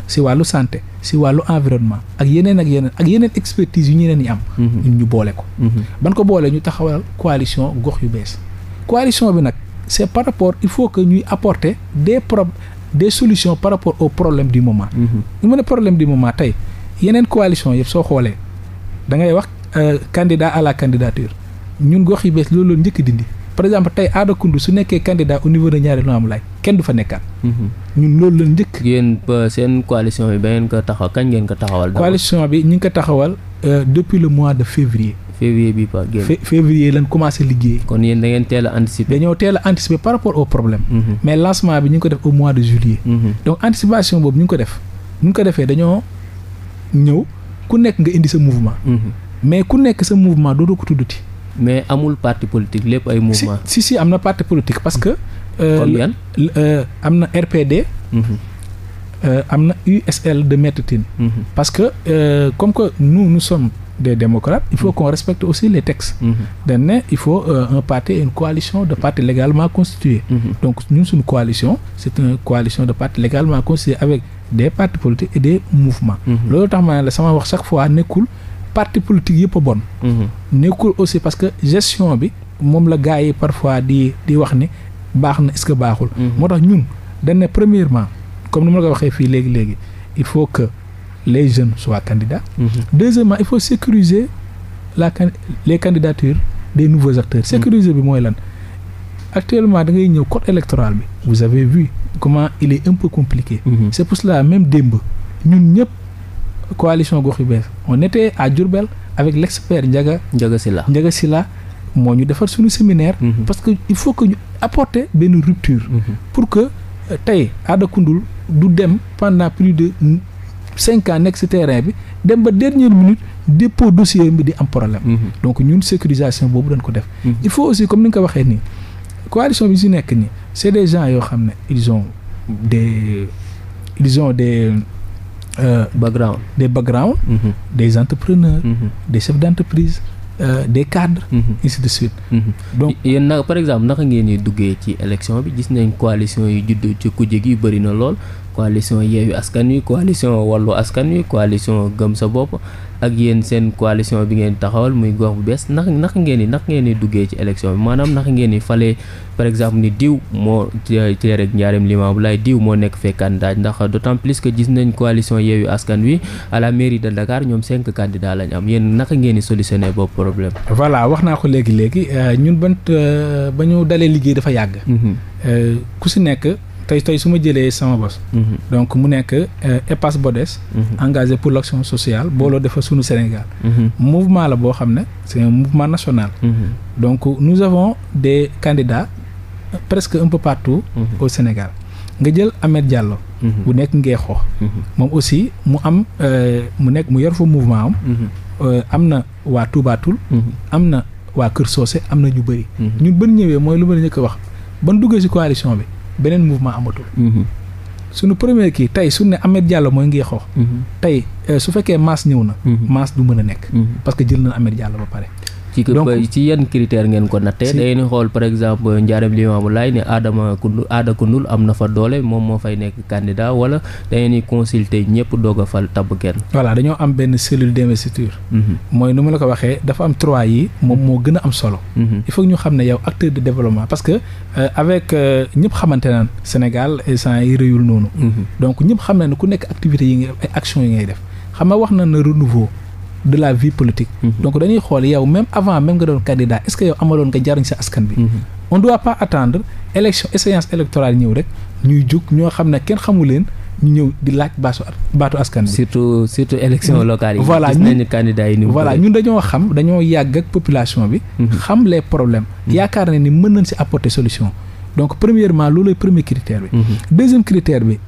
si mhm. wàllu santé si wàllu environnement ak yeneen ak yeneen ak yeneen expertise yu ñeneen ñi am. Mhm. ñun ñu boole ko. Mhm. ban ko boole ñu taxawal coalition gox yu bees. coalition bi nag c' par rapport il faut que ñuy apporter des pro des solutions par rapport au problème du moment. ñu mën a problème du moment tey yeneen coalition yëpp soo xoolee dangay wax euh, candidat à la candidature ñun gox yi bees loolu l njëkk dindi. par exemple tey Aada Kundu su nekkee candidat au niveau de Niary Limamoulaye kenn du fa nekkaat. Mhm. ñun loolu la njëkk. seen coalition bi ba ngeen ko taxaw kañ ngeen ko taxawal. coalition bi ñu ngi ko taxawal euh, dañoo teel a par rapport au problème. Mhm. mais lancement bi ñu ngi ko def au mois de juillet. Mhm. donc anticipation boobu ñu ngi ko def. ñu ngi ko defee dañoo ñëw ku nekk nga indi sa mouvement. mais ku nekk sa mouvement dootoo ko tudduti. mais amul parti politique lépp ay mouvement si si am na parti politique parce que. Euh, combien euh, am na RPD. Mhm. Euh, am na USL de Maître Tine. Mhm. parce que comme que nous nous sommes des démocrates. il faut mhm. qu'on respecte aussi les textes. dañ ne il faut un parti une coalition de parti légalement constitués. donc ñun suñu coalition c'est une coalition de partis légalement constitués avec des partis politiques et des mouvements. loolu tax ma ne la sama wax chaque fois nekkul. parti politique yëpp a bon. Mhm. nekkul aussi parce que gestion bi moom la gars yi parfois di di wax ni baax na est-ce que baaxul. Mhm. moo tax ñun dañ premièrement comme ni ma la ko waxee fii léegi léegi il faut que les jeunes soient candidats. Mm -hmm. deuxièmement il faut sécuriser la can les candidatures des nouveaux acteurs. Mhm. sécuriser bi mooy lan actuellement da ngay ñëw code électoral bi vous avez vu comment il est un peu compliqué. c'est pour cela même démb ñun ñëpp. coalition gox yu bees on était à Diourbel avec l' expert Ndiaga. Ndiaga Sylla Ndiaga Sylla moo ñu defar suñu séminaire. Mhm. parce que il faut que ñu apporter benn rupture. Mhm. pour que euh, tey Ada Coundoul du dem pendant plus de cinq ans nekk si terrain bi dem ba dernière minute dépôt dossier bi di am problème. Mhm. donc ñun sécurisation boobu dañ ko def. il faut aussi comme ni nga ko waxee nii coalition bi si nekk nii c' est des gens yoo xam ne ils ont des ils ont des. Euh, background. des backgrounds. Mm -hmm. des entrepreneurs. Mm -hmm. des chefs d'entreprise. Euh, des cadres. Mm de suite. Mm-hmm. donc yéen nag par exemple naka ngeen di duggee ci élection bi gis nañ coalition yu judd ci kuje gi bëri na lool coalition Yewwi Askan Wi coalition Wallu Askan Wi coalition Gëm Sa Bopp ak yéen seen coalition bi ngeen taxawal muy gox bu bees ndax naka ngeen ni naka ngeen ni duggee ci élection bi maanaam naka ngeen ni falee par exemple ni diw moo ci rek njaareem limaamu laay diw moo nekk fee candidat ndax d'autant plus que gis nañ coalition Yewwi Askan Wi à mairie de Dakar ñoom cinq candidats lañ am yéen naka ngeen ni solutionné boobu problème. voilà wax naa ko léegi léegi euh, ñun bant euh, ba ñu dalee liggéey dafa yàgg. Mhm. Euh, tey tey su ma jëlee sama bos mhm. donc mu nekk euh, EPAS BODES mhm. engagé pour l'action sociale booloo defa sunu Sénégal mhm. mouvement la boo xam ne c'est un mouvement national donc nous avons des candidats euh, presque un partout au Sénégal nga jël Ahmed Diallo bu nekk Ngeexoox moom aussi mu am euh, mu nekk mu yor fa mouvement am am na waa Toubatul am na waa Kër Socé am na ñu bëri ñun bën ñëwee mooy lu ma la njëkk a wax ban duggee ci coalition bi beneen mouvement amatul. Mhm. sunu premier kii tey su ne Ahmed Diallo mooy Ngéxoox. Mhm. tey euh, su fekkee masse ñëw na. Mhm. masse du mën a nekk. parce que jël na Ahmed Diallo ba pare. ci ci yan critère ngeen ko nattee day ni xool par exemple njaareem Limaamu Laay ne Adama Koundoul Aada am na fa doole moom moo fay nekk candidat wala day ni consulter ñëpp doog a fal tabb kenn voilà dañoo am benn cellule d'investiture mhm. mooy nu ma la waxee dafa am trois yi moom moo gën a am solo mhm. il faut ñu xam ne yow acteur de développement parce que euh, avec euh, ñëpp xamante naan Sénégal sant yi réyul noonu mhm. donc ñëpp xam ne ne ku nekk activité yi nga ay action yi ngay def xam wax na de la vie politique. Mm-hmm. donc dañuy xool yow même avant même nga doon candidat est-ce que yow amaloon nga jariñ sa askan bi. Mm-hmm. on doit pas attendre élection échéance électorale ñëw rek ñuy jug ñoo xam ne kenn xamu ñu ñëw di laaj baatu askan bi. surtout surtout élection locale yi. voilà gis nañu candidat yi voilà ñun dañoo xam dañoo yàgg ak population bi. Mm-hmm. xam les problèmes. yaakaar ne ni mën nañ si apporter solution. donc premièrement loolu premier critère bi. deuxième critère bi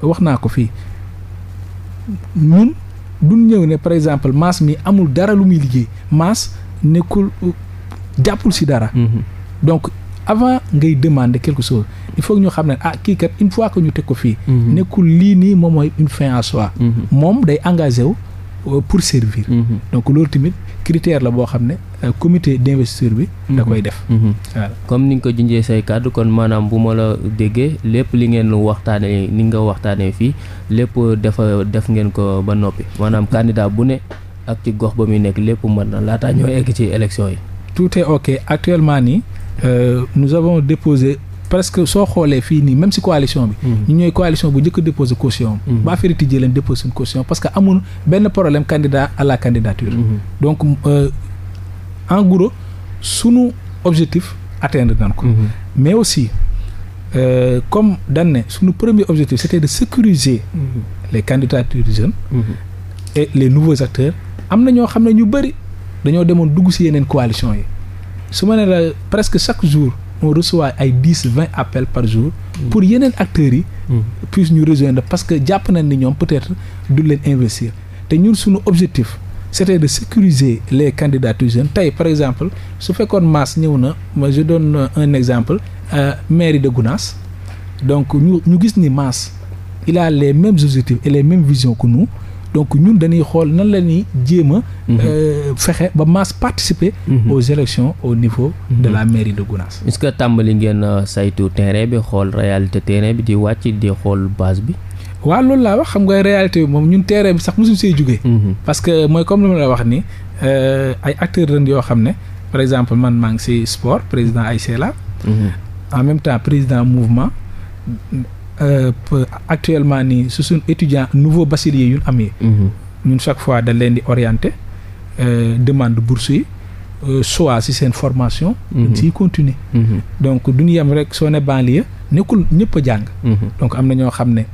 du ñëw ne par exemple maas mi amul dara lu muy liggéey maas nekkul jàppul si dara. Mhm. donc avant ngay demander quelque chose il faut ñu xam ne ah kii kat une fois que ñu teg ko fii. Mhm. nekkul lii nii moom mooy une fin en mhm. moom day engagé wu euh, pour servir. donc loolu tamit critère la boo xam ne. Euh, comité d' investisseur bi. da mhm. koy def. Mhm. comme ni nga ko junjee say kàddu kon maanaam bu ma la déggee lépp li ngeen waxtaanee ni nga waxtaanee fii lépp dafa def ngeen ko ba noppi maanaam candidat bu ne ak ci gox ba muy nekk lépp mën na laataa ñoo egg ci élection yi. tout est ok actuellement nii euh, nous avons déposé. parce soo xoolee fii nii même si coalition bi. Mhm. ñu ñooy coalition bu njëkk a déposé caution am. ba affaire tijjee parce que amul benn problème candidat à la en gros sunu objectif atteindre nañ ko. Mhm. mais aussi euh, comme danne sunu premier objectif c'était de sécuriser. Mhm. les candidatures jeunes. Mhm. et les nouveaux acteurs am na ñoo xam ne ñu bëri dañoo demoon dugg ci yeneen coalition yi su ma ne la presque chaque jour on reçoit ay dix vingt appels par jour pour yeneen acteurs yi puissent ñu rejoindre parce que jàpp nañ ni ñoom peut-être du leen investir te ñun suñu objectif c'était de sécuriser les candidatures jeunes tey par exemple su fekkoon masse ñëw na ma je donne euh, exemple euh, mairie de Gounass donc ñu ñu gis ni masse il les mêmes objectifs et les mêmes visions que nu donc ñun dañuy xool nan la ñuy jéem a mhm. euh, fexe ba masse participer mhm. aux élections au niveau mhm. de la mairie de Gounass est que tàmbali ngeen euh, saytu terrain bi xool réalité terrain bi di wàcc di xool base bi waaw loolu laa wax xam nga réalité bi moom ñun terrain bi sax mosuñ see jugee. Mhm. parce que mooy comme li ma la wax ni euh, ay acteurs lañ yoo xam ne par exemple man maa ngi si sport président Aïssé la mhm. en même temps président mouvement euh, actuellement nii su suñ étudiant nouveau bachelier yu ñu am yi mhm. ñun chaque fois dañ leen di orienté euh, demande bourse yi euh, soit si seen formation si siy continuer donc duñu yem rek soo ne banlieue nekkul ñëpp a jàng donc am na ñoo xam ne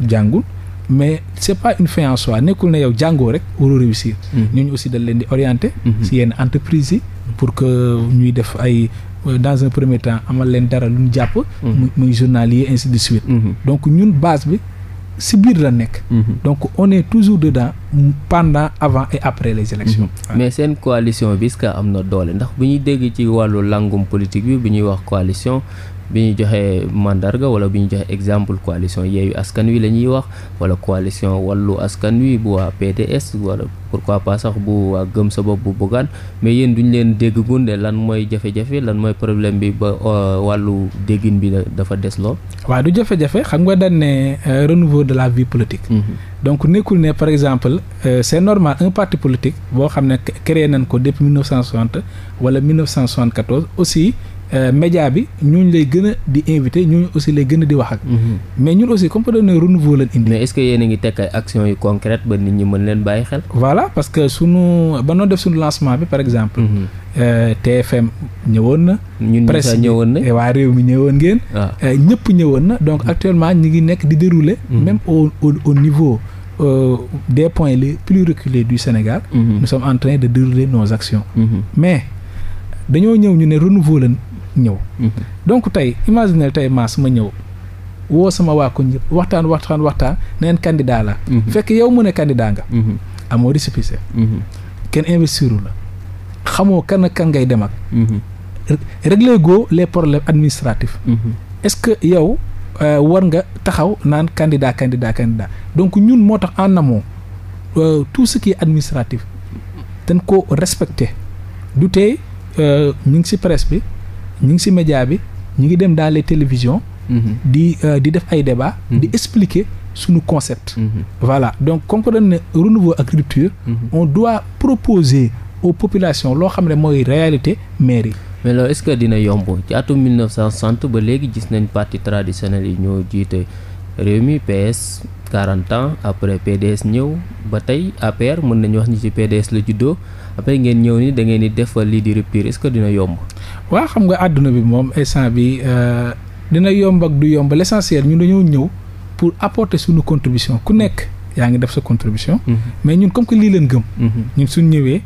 jàngul mais c'est pas une fin en soi nekkul ne yow jàngoo rek waroo réussir mm-hmm. ñooñu aussi dañ leen di orienter si mm-hmm. yenn entreprise yi pour que ñuy def ay euh, dans un premier temps amal leen dara lu jàpp mm-hmm. mu muy journalier ainsi de suite donc ñun base bi si biir la nekk donc on est toujours dedans pendant avant et après les élections mais seen coalition bi que am na doole ndax bu ñuy dégg ci wàllu langum politique bi bu ñuy wax coalition bi ñu joxee mandarga wala bu ñu joxee exemple coalition Yewwi Askan Wi la ñuy wax wala coalition Wallu Askan Wi bu waa PDS wala pourquoi pas sax bu waa Gëm sa bopp bu Bougane mais yéen duñ leen dégg gunde lan mooy jafe-jafe lan mooy problème bi ba euh, wàllu déggin bi dafa des loo waa du jafe-jafe xam nga dañ ne euh, renouveau de la vie politique. Mhm. donc nekkul ne par exemple euh, c'est normal un parti politique boo xam ne créé nan ko depuis 1960 wala 1974 aussi. Euh, média bi ñooñu lay gën a di invité ñooñu aussi lay gën a di wax mhm. mais ñun aussi comme que dañu ne renouveau leen indi. mais est-ce ngi teg ay yu concrètes ba nit ñi mën leen bàyyi xel. voilà parce que sunu ba noo def sunu lancement bi par exemple. TFM mhm. euh, ñëwoon na. ñun presse ñëwoon na waa réew mi ñëwoon ngeen. Ah. Euh, na donc mhm. actuellement ñi ngi nekk di dérouler. même au au niveau. Euh, des points les plus reculés du Sénégal mm -hmm. en train de dérouler nos actions mm mais dañoo ñëw ñu ne renouveler ñëw. Mhm. donc tey imaginer tey maas ma ñëw woo sama waa ko ñëpp waxtaan waxtaan waxtaan ne leen candidat la. Mhm. fekk yow mu ne candidat nga. Mhm. amoo récépissé. kenn investirul la. xamoo kan kan ngay dem ak. régler goo les problèmes administratifs. est-ce que yow euh, war nga taxaw naan candidat candidat candidat donc ñun moo tax en amont euh, tout ce qui est administratif dañ ko respecté du tey euh, ñu ngi ci presse bi. ñu ngi si média bi ñu ngi dem dans les télévisions. Mm-hmm. di euh, di def ay débat mm-hmm. di expliquer suñu concept. Mm-hmm. voilà donc comme ne renouveau ak rupture. on doit proposer au populations loo xam ne mooy réalité maire yi. mais loolu est-ce que dina yomb ci atum 1960 ba léegi gis nañ parti traditionnel yi ñoo jiite réew mi PS 40 ans après PDS ñëw ba tey APR mën nañu wax ñi ci PDS la juddoo après ngeen ñëw ni da ngeen di def lii di rupture est-ce dina yomb. waaw xam nga àdduna bi moom instant bi euh, dina yomb ak du yomb l'essentiel ñun dañoo ñëw pour apporter suñu contribution ku nekk yaa ngi def sa contribution. Mhm. mais ñun comme que lii leen gëm. Mhm. ñun suñ ñëwee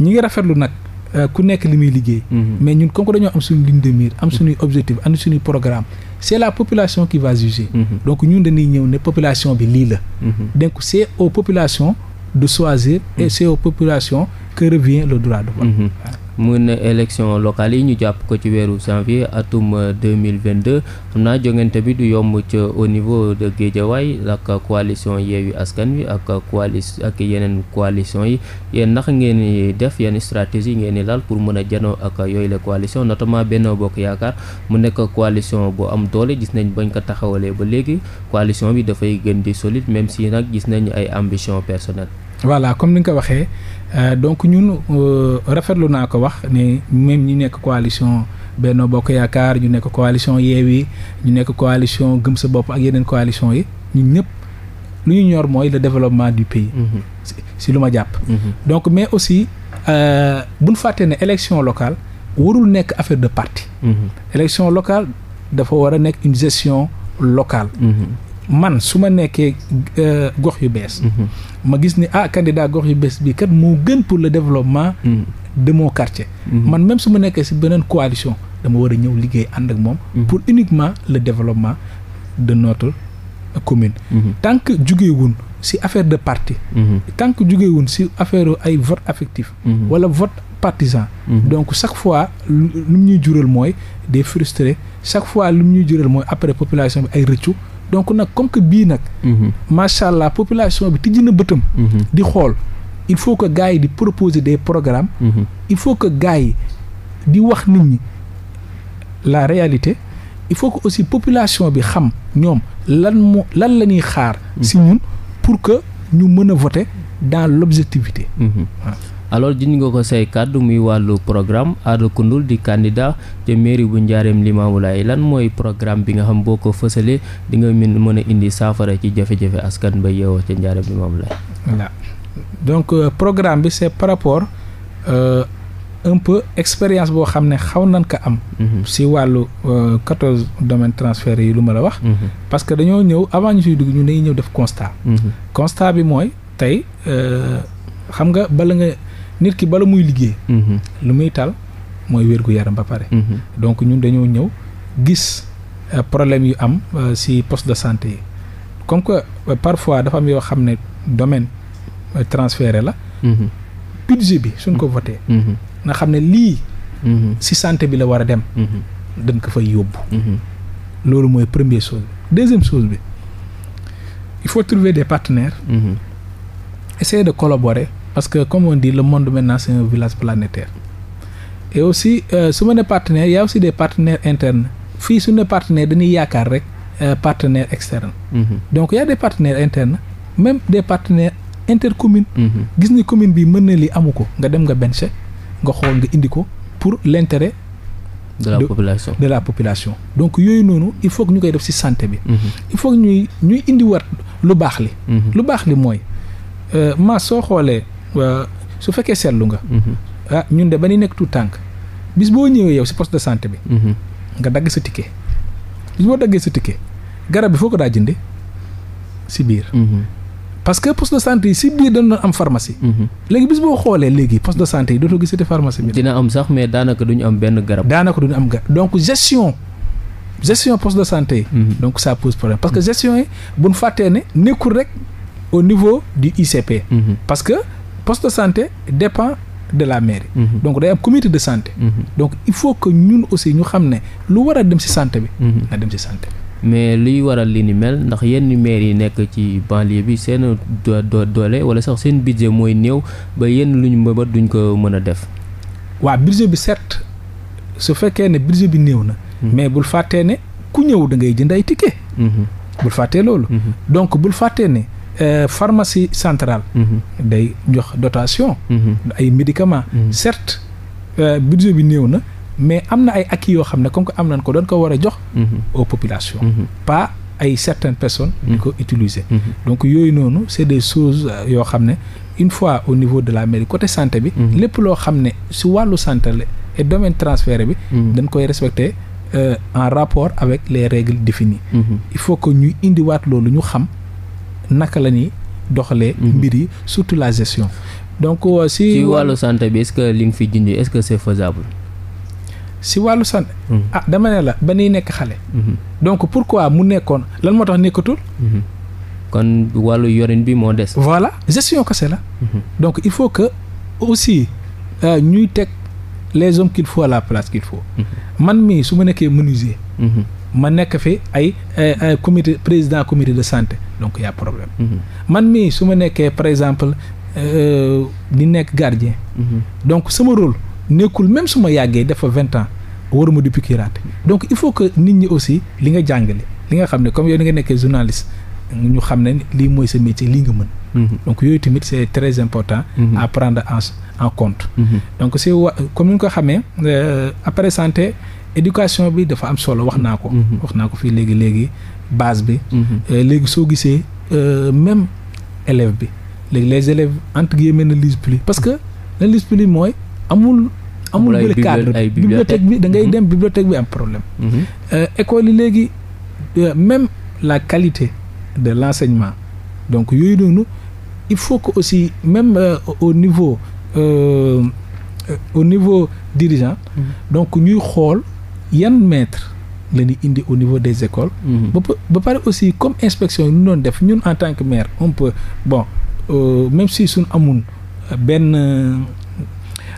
ñi ngi rafetlu nag. Euh, ku nekk li muy liggéey. Mhm. mais ñun comme que dañoo am suñu ligne am suñuy objectif am suñuy programme. c' est la population qui va juger. Mhm. donc ñun dañuy ñëw ne population bi lii la. Mhm. donc c' au aux populations de choisir. et mhm. c' est aux que revient le droit de vote. mu na élection locale yi ñu jàpp ko ci weeru janvier atum 2022 xam naa jongante bi du yomb ca au niveau de Guédiawaye ak coalition Yewwi Askan Wi ak coalition ak yeneen coalition yi yéen ndax ngeen def yenn stratégie ngeen di laal pour mën a janoo ak yooyu la coalition notamment benn Bokk Yaakaar mu nekk coalition bu am doole gis nañ bañ ko taxawalee ba léegi coalition bi dafay gën di solide même si nag gis nañ ay ambition personnelle voilà comme ni nga ko waxee euh, donc ñun euh, rafetlu naa ko wax ne même ñu nekk coalition benn Bokk Yaakaar ñu nekk coalition Yewwi ñu nekk coalition Gëm Sa Bopp ak yeneen coalition yi ñu ñëpp lu ñu ñor mooy le développement du pays. Mm-hmm. si lu ma jàpp. Mm-hmm. donc mais aussi euh, bu ñu fàttee ne élection locale warul nekk affaire de parti. Mm-hmm. élection locale dafa war a nekk une gestion locale. man su ma nekkee euh, gox yu bees. Mhm. ma gis ni ah candidat gox yu bees bi kat moo gën pour la développement. Mhm. de mon quartier. Mhm. man même su ma nekkee si beneen coalition dama war a ñëw liggéey ànd ak moom. pour uniquement le développement de notre commune. tant jugewun jugewuñ ci affaire de parti. tant que jugewuñ ci affaire ay vote affectif. walla vote partisan. donc chaque fois lu mu ñuy jural mooy des frustrés chaque fois lu mu ñuy jural mooy après population bi ay rëccu. donc nag comme que bii nag. Mhm. macha allah population bi tijji na bëtam. Mhm. di xool il faut que gars yi di proposé des programmes. Mhm. il faut que gars yi di wax nit ñi la réalité il faut que aussi population bi xam ñoom lan moo lan la ñuy xaar. si ñun pour que ñu mën a voter dans l'objectivité. Voilà. alors jënd nga ko say kàddu muy wàllu programme Ada Coundoul di candidat te mairie bu Njaareem Limaamulaay lan mooy programme bi nga xam boo ko fësalee di nga mën mën a indi saafara ci jafe-jafe askan ba yeewoo ca Njaareem Limaamulaay. voilà donc euh, programme bi c'est par rapport euh, un peu expérience boo xam ne xaw nañ ko am. Mm-hmm. si wàllu euh, quatorze domaines transférés yi lu ma la wax. Mm-hmm. parce que dañoo ñëw avant ñu siy dugg ñu dañuy ñëw def constat. Mm-hmm. constat bi mooy tey xam nga bala nit ki bala muy liggéey. Mhm. lu muy tal mooy wérgu yaram ba pare. Mhm. donc ñun dañoo ñëw gis euh, problème yu am euh, si poste de santé yi comme que euh, parfois dafa am yoo xam ne domaine transféré la. Mhm. budget bi suñ ko voté. na xam ne lii. si santé bi la war a dem. dañ ko fay yóbbu. loolu mooy première chose deuxième chose bi il faut trouver des partenaires. essayer de collaborer. parce que comme on dit le monde maintenant c'est un village planétaire aussi euh, su ma ne partenaire y a aussi des partenaires interne fii su ne partenaire dañuy yaakaar rek euh, partenaire externe mhm. donc y a des partenaires internes même des partenaires intercommune mhm. gis ni commune bi mën na li amu ko nga dem nga benn chèque nga xool nga indi ko pour l'intérêt de la population de la population donc yooyu noonu il faut que ñu koy def ci sante bi mhm. il faut que ñuy ñuy indi war lu baax li lu baax li mooy euh, ma soo xoolee su fekkee seetlu nga. Mhm. ah ñun de ba ni nekk tout tànk bis boo ñëwee yow si poste de santé bi. Mhm. nga dagg sa ticket. bis boo daggee sa ticket garab bi foo ko daa jënde si biir. Mhm. parce que poste de santé yi si biir dañu doon am pharmacie. léegi bis boo xoolee léegi poste de santé yi dootoo gisati pharmacie bi. dina am sax mais daanaka duñu am benn garab. daanaka duñu am garab donc gestion. gestion poste de santé yi. Mm -hmm. donc ça pose problème parce que gestion yi bu ñu ne nekkul rek au niveau du poste de santé dépend de la mairie. Mmh. donc day am comité de santé. Mmh. donc il faut que ñun aussi ñu xam ne lu war a dem ci santé bi. Mhm. na dem ci santé mais luy waral li ni mel ndax yenn maire yi nekk ci banlieue bi seen do doole wala sax seen budget mooy néew ba yenn lu ñu mbëbët duñ ko mën a def. waa budget bi certes su fekkee ne budget bi néew na. Mhm. mais bul fàttee ne ku ñëw da ngay jënd ay ticket. Mhm. bul fàttee loolu. donc bul fàttee ne. Euh, pharmacie centrale. Mhm. day jox dotation. Mhm. ay médicaments. Mhm. certes euh, budget bi néew na mais am na ay acquis yoo xam ne comme que am nañ ko doon ko war a jox. au population pas ay certaines personnes. di ko utiliser. donc yooyu noonu c'est des choses euh, yoo xam ne une fois au niveau de la mairie côté santé bi. lépp loo xam ne si wàllu santé le et domaine transféré bi. dañ koy respecter en rapport avec les règles définies. il faut que ñuy indiwaat loolu ñu xam. naka la ñuy doxalee. Mhm. mbir yi surtout la gestion. donc euh, si ci wàllu santé bi est que li nga fi junj est-ce que c'est faisable. si wàllu santé. Mhm. ah dama ne la ba nuy nekk xale. Mhm. donc pour quoi mu nekkoon lan moo tax nekkatul. kon wàllu yorin bi moo des. voilà gestion kese la. donc il faut que aussi euh, ñuy teg les hommes qu'il faut la place qu'il faut. man mii su ma nekkee menuisier. ma nekk fi ay eh, eh, comité président commité de santé donc y a problème mhm. man mii su ma nekkee par exemple euh, di nekk gardien mhm. donc sama rôle nekkul même su ma yàggee dafa vingt ans waruma di piqûraate donc il faut que nit ñi aussi li nga jàngale li nga xam ne comme yow ni nga nekkee journaliste ñu xam ne lii mooy sa métier lii nga mën Mhm. donc yooyu tamit c' est très important. Mhm. à prendre en en compte. Mhm. donc si wa comme nga ko xamee euh, après éducation bi dafa am solo wax naa ko. wax naa ko fii léegi léegi base bi. Euh, léegi soo gisee euh, même élève bi léegi les élèves entre guillemets ne lisent plus parce que ne lisent plus mooy amul. amul ay bi bibliothèque bi da ngay dem bibliothèque bi am problème. école yi léegi même la qualité de l' enseignement donc yooyu noonu. il faut que aussi même euh, au niveau euh, au niveau dirigeant mm-hmm. donc ñuy xool yan maître la ñuy indi au niveau des écoles mm-hmm. ba ba pare aussi comme inspection yi ñu doon def ñun en tant que maire on peut bon euh, même si suñ amul benn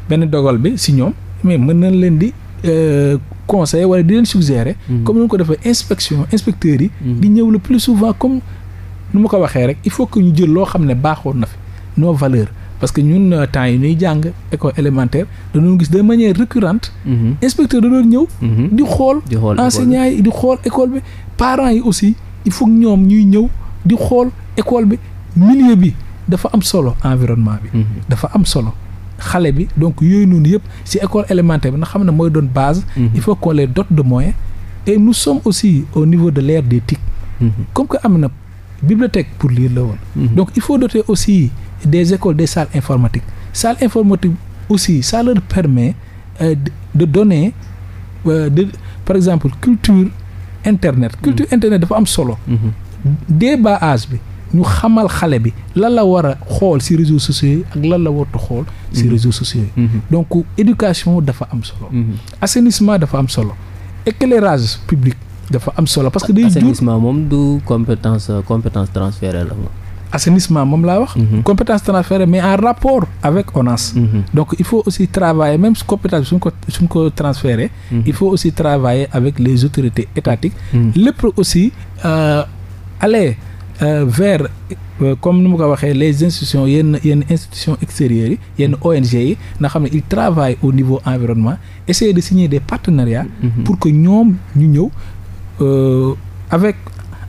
benn dogal bi si ñoom mais mën nañ leen di euh, conseiller wala di leen suggérer mm-hmm. comme ñu ko defee inspection inspecteurs yi di ñëw le plus souvent comme nu ma ko waxee rek il faut que ñu jël loo xam ne baaxoon na fi nos valeurs parce que ñun euh, temps yi ñuy jàng école élémentaire dañoo gis de manière récurrente. Mhm. inspecteur da doon ñëw. Mhm. di xool di xool yi di xool école bi parents yi aussi il faut ñoom ñuy ñëw di xool école bi milieu bi dafa am solo environnement bi. Mhm. dafa am solo. xale bi donc yooyu noonu yëpp ci école élémentaire bi na xam ne mooy doon base. il faut qu'on les dote de moyens. et nous sommes au niveau de l'ère des TIC. bibliothèque pour lire la woon. Mhm. donc il faut doter aussi des écoles de salles informatiques salles informatiques aussi ça leur permet euh, de donner euh, de par exemple culture internet. Mhm. culture internet dafa am solo. Mhm. dès bas âge bi ñu xamal xale bi lan la war a xool ci réseaux sociaux yi ak lan la warut a xool. ci réseaux sociaux yi. donc éducation dafa am solo. assainissement dafa am solo éclairage public. dafa am solo parce que day. assainissement moom du compétence euh, compétence transférée la moom. assainissement moom laa wax. Mhm. compétence transférée mais en rapport avec ONAS. Mhm. donc il faut aussi travailler même compétence suñ ko suñ ko transféré. Mhm. il faut aussi travailler avec les autorités étatiques. lépp aussi euh, aller euh, vers comme ni ma ko waxee les institutions yenn yenn institutions extérieures yi yenn ONG yi nga xam ne ils travaillent au niveau environnement essayer de signer des partenariats. pour que ñoom ñu ñëw. Euh, avec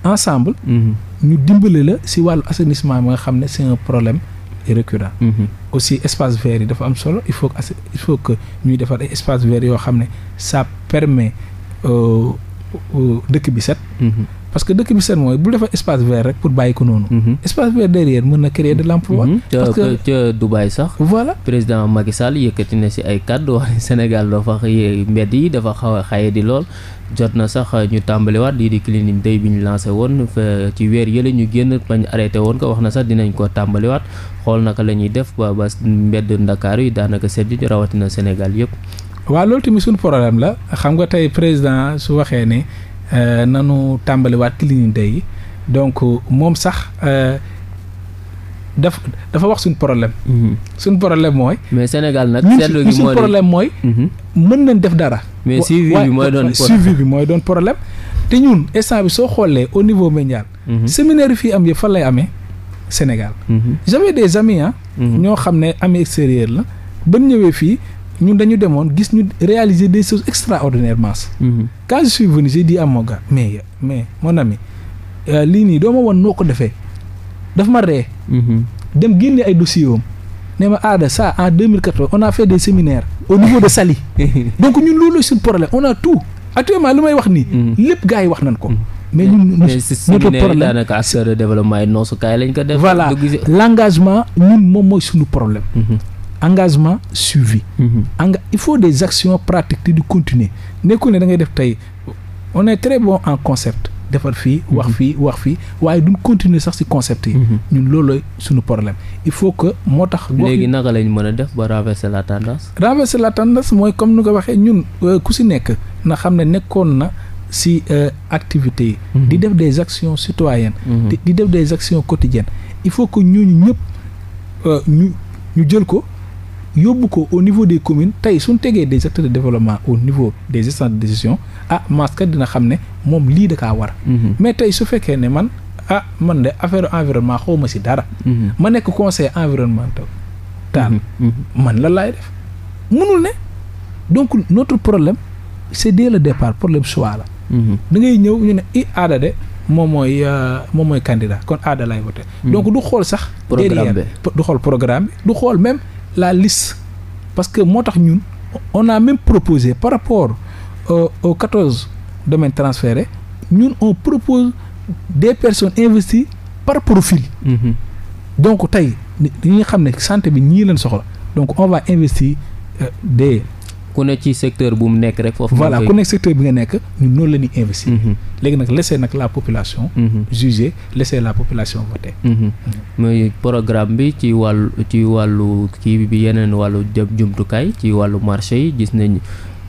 ensemble. Mhm. ñu dimbali la si wàllu assainissement bi nga xam ne c'est un problème récurrent. Mhm. aussi espace vert yi dafa am solo il faut que ñuy defar ay espace vert yoo xam ne ça permet euh, euh, dëkk bi set. Mhm. parce que dëkk bi seen mooy bu defee espace vert rek pour bàyyi ko noonu. Mhm. espace vert derrière mën na créer de l' emploi. Mhm. ca Dubaï sax. voilà président Macky Sall yëkkati na si ay kàddu wax ne Sénégal dafa mbedd yi dafa xaw a xaye di lool. jot na sax ñu tàmbaliwaat lii di clinique day bi ñu lancé woon ci weer yële ñu génn bañ arrêté woon ko wax na sax dinañ ko tàmbaliwaat xool naka la ñuy def ba ba mbedd Ndakaar yi daanaka sedd rawatina Sénégal yëpp. waaw loolu tamit suñu problème la xam nga tey président Euh, nanu tàmbaliwaat cleaning day yi donc moom sax euh, daf dafa wax suñ problème. Mhm. suñ problème mooy. mais Sénégal nag seetlu gi moo problème mooy. Mhm. mën nañ def dara. mais suivi bi mooy doon suivi bi mooy doon problème. te ñun instant bi soo xoolee au niveau mondial. Mhm. séminaire fii am yëpp fan lay amee Sénégal. j'avais des amis ñoo xam ne amis extérieur la. ba ñëwee fii ñun dañu demoon gis ñu réaliser des choses extraordinairement mhm. quand je suis venu j'ai dit à mon gars mais moo mon ami euh, lii nii doo ma woon noo ko defee daf ma ree mhm. dem génne ay dossier am ne ma aada ça en 2014 on a fait des séminaires au niveau de Saly donc ñun loolu suñu problème on a tout actuellement li may wax nii mhm. lépp gars yi wax nañ ko mais ñun notre problème daanaka acteur de développement yi noosukaay lañ ko def voilà l'engagement ñun moom mooy suñu problème engagement suivi. enga mhm. il faut des actions pratiques te di continuer nekkul ne dangay def tey on est très bon en concept. defar fii wax mhm. fii wax fii waaye duñ continuer sax ci concept yi. Mhm. ñun loolu suñu problème il faut que moo tax. léegi naka lañ mën a def ba renverser la tendance. renverser la tendance mooy comme ni ko waxee ñun euh, ku si nekk na xam ne nekkoon na ci euh, activités yi. di def des actions citoyennes. di def des actions quotidiennes il faut que ñooñu ñëpp euh, ñu ñu jël ko. yóbbu ko au niveau des communes tey suñ tegee des acteurs de développement au niveau des instances de décision ah masque dina xam ne moom lii da kaa war mhm. mais tey su fekkee ne man ah man de affaire environnement xaw ma si dara mhm. ma nekk conseil environnemental taan mhm. man la laay def mënul ne donc notre problème c'est de le départ problème choix la da ngay ñëw ñu ne i aada de moom mooy euh, moom mooy candidat kon aada lay voté donc du xool sax derrière du xool programme bi du xool même la liste parce que moo tax ñun on a même proposé par rapport au euh, aux quatorze domaines transférés ñun on propose des personnes investies par profil. Mm -hmm. donc tey ñi nga xam ne santé bi ñii leen soxla donc on va investir euh, ku ne ci secteur bu mu nekk rek foofu. voilà ku nekk secteur bi nga nekk ñun noonu la ñuy investir. Mhm. léegi nag laisser nag la population. Mhm. juger laisser la population voter. Mhm. muy programme bi ci wàllu ci wàllu kii bi yeneen wàllu jumtukaay ci wàllu marché yi gis nañ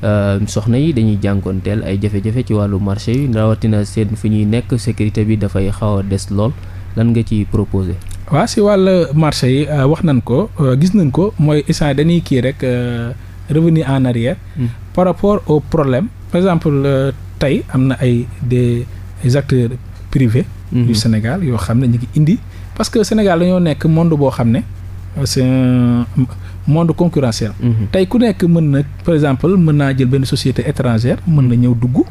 euh, soxna yi dañuy jànkoonteel ay jafe-jafe ci wàllu marché yi rawatina seen fi ñuy nekk sécurité bi dafay xaw des lool lan nga ci proposé. waaw si wàllu marché yi euh, wax nañ ko euh, gis nañ ko mooy instant dañuy kii rek. revenir en arrière. Mm. par rapport au problème par exemple euh, tey am na ay des acteurs privés. Mm-hmm. du Sénégal yoo xam ne ñu ngi indi. parce que Sénégal dañoo nekk monde boo xam ne euh, c'est un monde concurrentiel. Mm-hmm. tey ku nekk mën na par exemple mën naa jël benn société étrangère mën na ñëw dugg.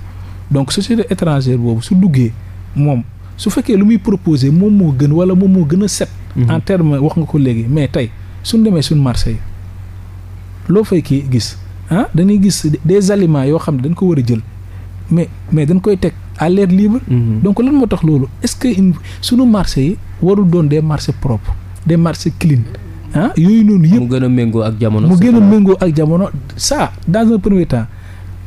donc société étrangère boobu su duggee moom su fekkee lu muy proposer moom moo gën wala moom moo gën a set. Mm-hmm. en terme wax nga ko léegi mais tey suñ demee suñ marché yi loo fay kii gis ah dañuy gis des aliments yoo xam ne dañ ko war a jël mais mais dañ koy teg à l'air libre. Mm-hmm. donc lan moo tax loolu est-ce que suñu marché yi warul doon des marchés propres des marchés clean ah yooyu noonu yëpp. mu gën a méngoo ak jamono. mu gën a méngoo ak jamono ça dans un premier temps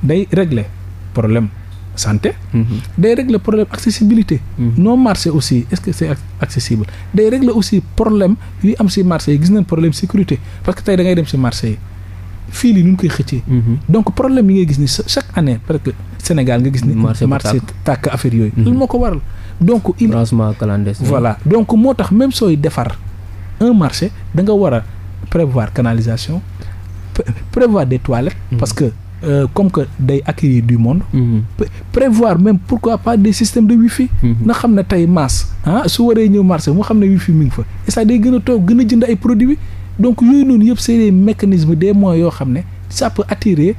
day régler problème santé. Mm-hmm. day régler problème accessibilité. Mm-hmm. noo marchés aussi est-ce que c'est accessible day régler aussi problème yuy am ci marché yi gis nañ problème sécurité parce que tey da ngay dem ci marché yi. fii lii nun koy xëccee. Mhm. donc problème yi ngay gis ni chaque année parce que Sénégal nga gis ni. marché marché tàkk affaire yooyu. nu mhm. moo ko waral donc. il branchement voilà donc moo tax même sooy defar un marché da nga war a prévoir canalisation prévoir des toilettes. Mhm. parce que euh, comme que day acquérir du monde. prévoir même pourquoi pas des systèmes de fi na xam ne tey masse ah su waree ñëw marché mu xam ne wifi mi ngi fa et day gën a toog gën a jënd ay produits. donc yooyu noonu yëpp c'est des mécanismes des moyens yoo xam ne ça peut attirer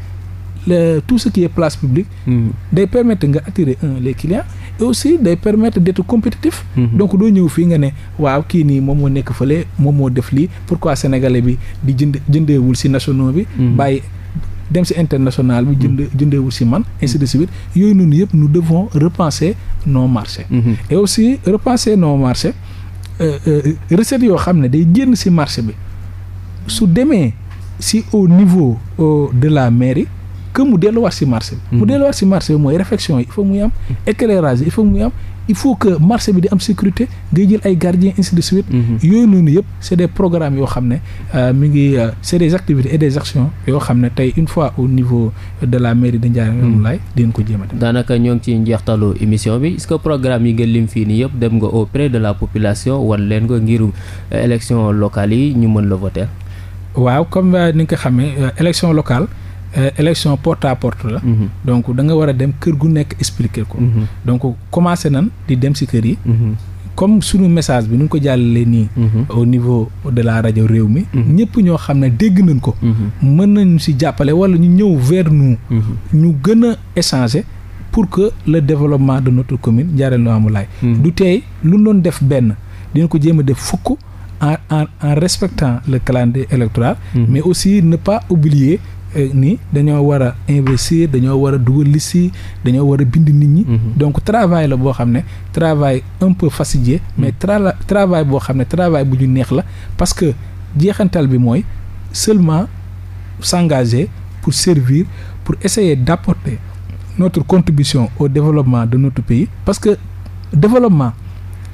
le tout ce qui est place publique. Hmm. day permettre nga attirer un les clients. et aussi day permettre d'être compétitif. Mmh. donc doo ñëw fii nga ne waaw kii nii moom moo nekk fële moom moo def lii pourquoi sénégalais bi di jënd jëndeewul ci national bi. Hmm. bàyyi dem ci international bi. Hmm. jënd jëndeewul ci man. ainsi de suite yooyu noonu yëpp nu devons repenser nos marchés. Mmh. et aussi repenser nos marchés euh, euh, yoo xam ne day génn ci marché bi. su demee si au niveau au, de la mairie que mu delluwaat si marché bi mu mhm. delluwaat si marché bi mooy réflexion yi il faut muy am mhm. éclairage yi il faut muy am il faut que marché bi di am sécurité ngay jël ay gardiens ainsi de suite mhm. yooyu noonu yëpp c' est des programmes yoo xam ne euh, mi ngi euh, c' est des activités et des actions yoo xam ne tey une fois au niveau de la mairie de Ndiarème Laye dinañ ko jéem a daanaka ñoo ngi ci njeextalu émission bi est que programme yi nga lim fii nii yëpp dem nga auprès de la population wan leen ko ngir euh, élection locale yi ñu mën la voter waaw comme euh, ni nga ko xamee euh, élection locale euh, élection porte à porte la. Mm-hmm. donc da nga war a dem kër gu nekk expliquer ko. Mm-hmm. donc commencé nan di dem ci kër yi. Mm-hmm. comme suñu message bi nu ko jàllalee nii. au niveau de la rajo réew mi. ñëpp ñoo xam ne dégg nañ ko. mën nañu ci jàppale walla ñu ñëw vers nous. ñu gën a pour que le développement de notre commune Ndiarème Limamoulaye. du tey lu ñu doon def benn dina ko jéem def fukk. en en en respectant le calendrier électoral. Mhm. mais aussi ne pas oublier eh, ni dañoo war a investir dañoo war a dugal liste dañoo war a bind nit ñi. Mm -hmm. donc travail la boo xam ne travail un peu fastidieux. Mhm. mais tra travail boo xam ne travail bu ñu neex la parce que jeexantal bi mooy seulement s'engager pour servir pour essayer d'apporter notre contribution au développement de notre pays parce que développement.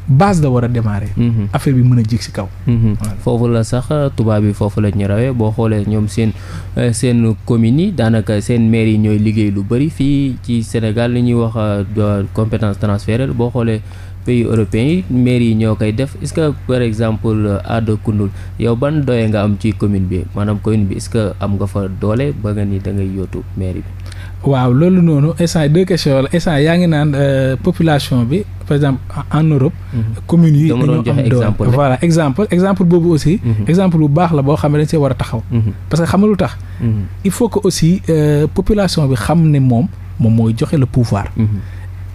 base la war a démarrer. Mhm. affaire bi mën a jig si kaw. Mhm. foofu la sax euh, tubaab yi foofu la ñu rawee boo xoolee ñoom seen euh, seen communes yi daanaka seen maires yi ñooy liggéey lu bëri fii ci Sénégal li ñuy wax euh, compétence transférée boo xoolee. pays européens yi mairie yi ñoo koy def est que par exemple Ada Koundoul yow ban doye nga am ci commune bi maanaam commune bi est-ce que am nga fa doole ba nga ni da ngay yóotu mairie bi. waaw loolu noonu instant deux questions la instant euh, mhm. exemple boobu aussi. Mhm. exemple bu baax la boo xam ne dañ see war a taxaw. Mhm. parce que tax. il faut que aussi euh, population bi xam ne moom moom mooy joxe la pouvoir.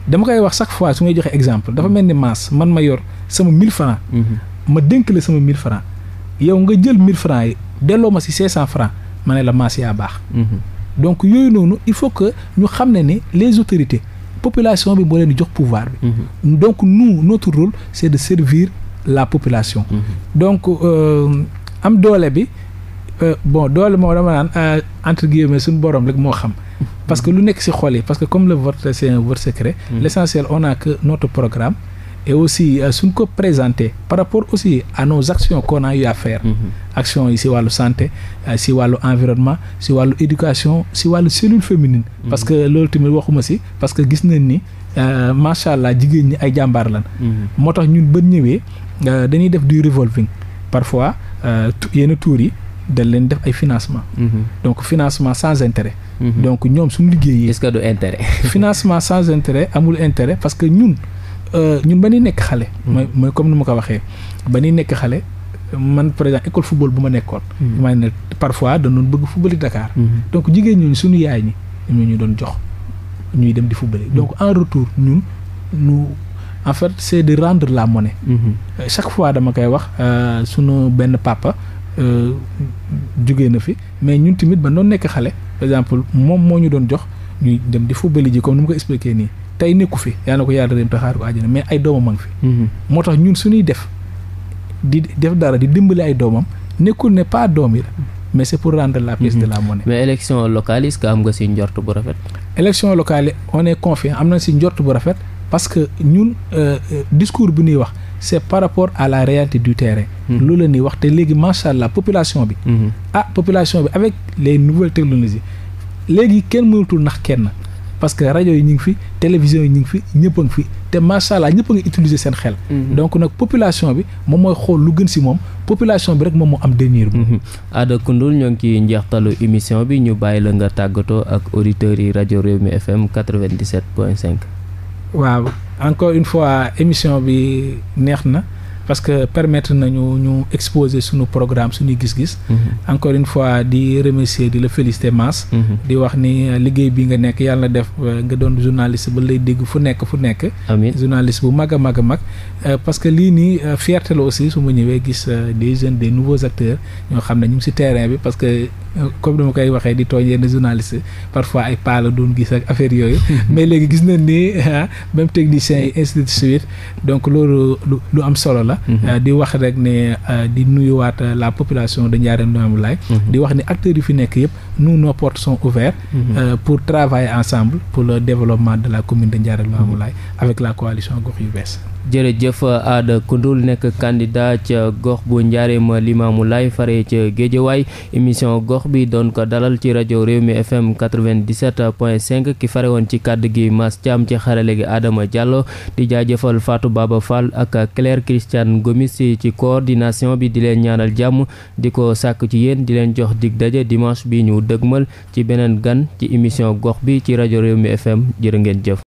dama koy wax chaque fois su may joxe exemple dafa mel ni maas man ma yor sama mille francs mhm. ma dénk la sama mille francs yow nga jël 1000 francs yi delloo ma si 500 francs ma ne la maas yaa baax. Mhm. donc yooyu noonu il faut que ñu xam ne ni les autorités population bi moo leen jox pouvoir bi. Mhm. donc nous notre rôle c'est de servir la population. donc euh, am doole bi. Euh, bon doole moo dama naan euh, entre guillemets suñu boroom rek moo xam. parce que lu nekk si xol yi parce que comme le vote c'est un vote secret. Mm. l'essentiel on a que notre programme. et aussi euh, suñ ko présenté par rapport aussi à nos actions qu'on a eu à faire. Mm-hmm. actions yi ci wàllu santé si wàllu environnement si wàllu éducation si wàllu cellule féminine. Mm-hmm. parce que loolu tamit waxuma si parce que gis nañ ni macha allah jigéen ñi ay jàmbaar lan mm-hmm. moo tax ñun bën ñëwee dañuy def du revolving parfois yenn yi. dañ leen def ay financement mhm. donc financement sans intérêt mhm. donc ñoom suñu liggéeyee est que du intérêt financement sans intérêt amul intéret parce que ñun euh, ñun ba ñuy nekk xale mhm. mooy mooy comme ni ma ko waxee ba ñuy nekk xale man par exemple école football bu ma nekkoon maa ne parfois dañu bëgg football yi Dakar donc jigéen ñooñu suñu yaay ñi ñu ñu doon jox ñuy dem di football donc en retour ñun ñu en fait c'est de rendre la monnaie euh, chaque fois dama koy wax euh, sunu benn papa Euh, jugee na fi mais ñun tamit ba noonu nekk xale par exemple moom moo ñu doon jox ñuy dem di football ji comme ni mu ko expliqué nii tey nekku fi yaa na ko yàlla dem taxaar ko àjjana mais ay doomam ngi fi mm-hmm. moo tax ñun suñuy def di def dara di dimbali ay doomam nekkul ne pas doom yi la mais c'est pour la pièce de mm-hmm. la monnaie mais élection locale est-ce nga ci njort bu rafet élection locale on est confiant am na si njort bu rafet parce que ñun euh, euh, discours bi nuy wax c' est par rapport à la réalité du terrain. Mhm. lu la ni wax te léegi macha allah population bi. Mhm. a ah, population bi avec les nouvelles technologies léegi kenn mënatul ndax kenn. parce que rajo yi ñu ngi fi télévision yi ñu ngi fi ñëpp a fi te macha allah ñëpp a ngi utiliser seen xel. Mhm. donc nag population bi moom mooy xool lu gën si moom population bi rek moom mu am devenir bi. Ada Koundoul ñoo ngi ciy njeextalu émission bi ñu bàyyi la nga tàggatoo ak auditeurs yi rajo Rewmi FM 97 point 5. waaw. encore une fois émission bi neex na. parce que permettre nañu ñu exposer suñu programme suñu gis-gis mm-hmm. encore une fois di remercier di la féliciter Mass mm-hmm. di wax ni euh, liggéey bi nga nekk yàlla na def euh, nga doon journaliste ba lay dégg fu nekk fu nekk journaliste bu mag a mag a mag euh, parce que lii nii fierté la aussi su ma ñëwee gis des jeunes des nouveaux acteurs ñoo xam ne ñu ngi ci terrain bi parce que comme dama koy waxee di tooñ yenn journaliste parfois ay pas la doon gis ak affaire yooyu mais léegi gis nañ ni ah, même techniciens yi Touba. Euh, mhm. di wax rek ne euh, di nuyuwaat euh, la population de Ndiarème Limamoulaye mhm. di wax ne acteur yu fi nekk yëpp nu nos portes sont ouvertes. Mhm. pour travailler ensemble pour le développement de la commune de Ndiarème Limamoulaye avec la coalition gox yu bees. jërëjëf aada Koundoul nekk kandidaa ca gox bu njaaree njaareem Limaamu Laay fare ca Géejawaay émission gox bi doon ko dalal ci rajo réew mi FM 97.5 ki fare woon ci kàddu gi Mass Thiam ci xarale gi aadama Diallo di jaajëfal faatu Baba Fall ak Claire Christiane Gomis ci coordination bi di leen ñaanal jàmm di ko sàkk ci yéen di leen jox dig daje dimanche bi ñu dëgmal ci beneen gan ci émission gox bi ci rajo réew mi FM jërë ngeen jëf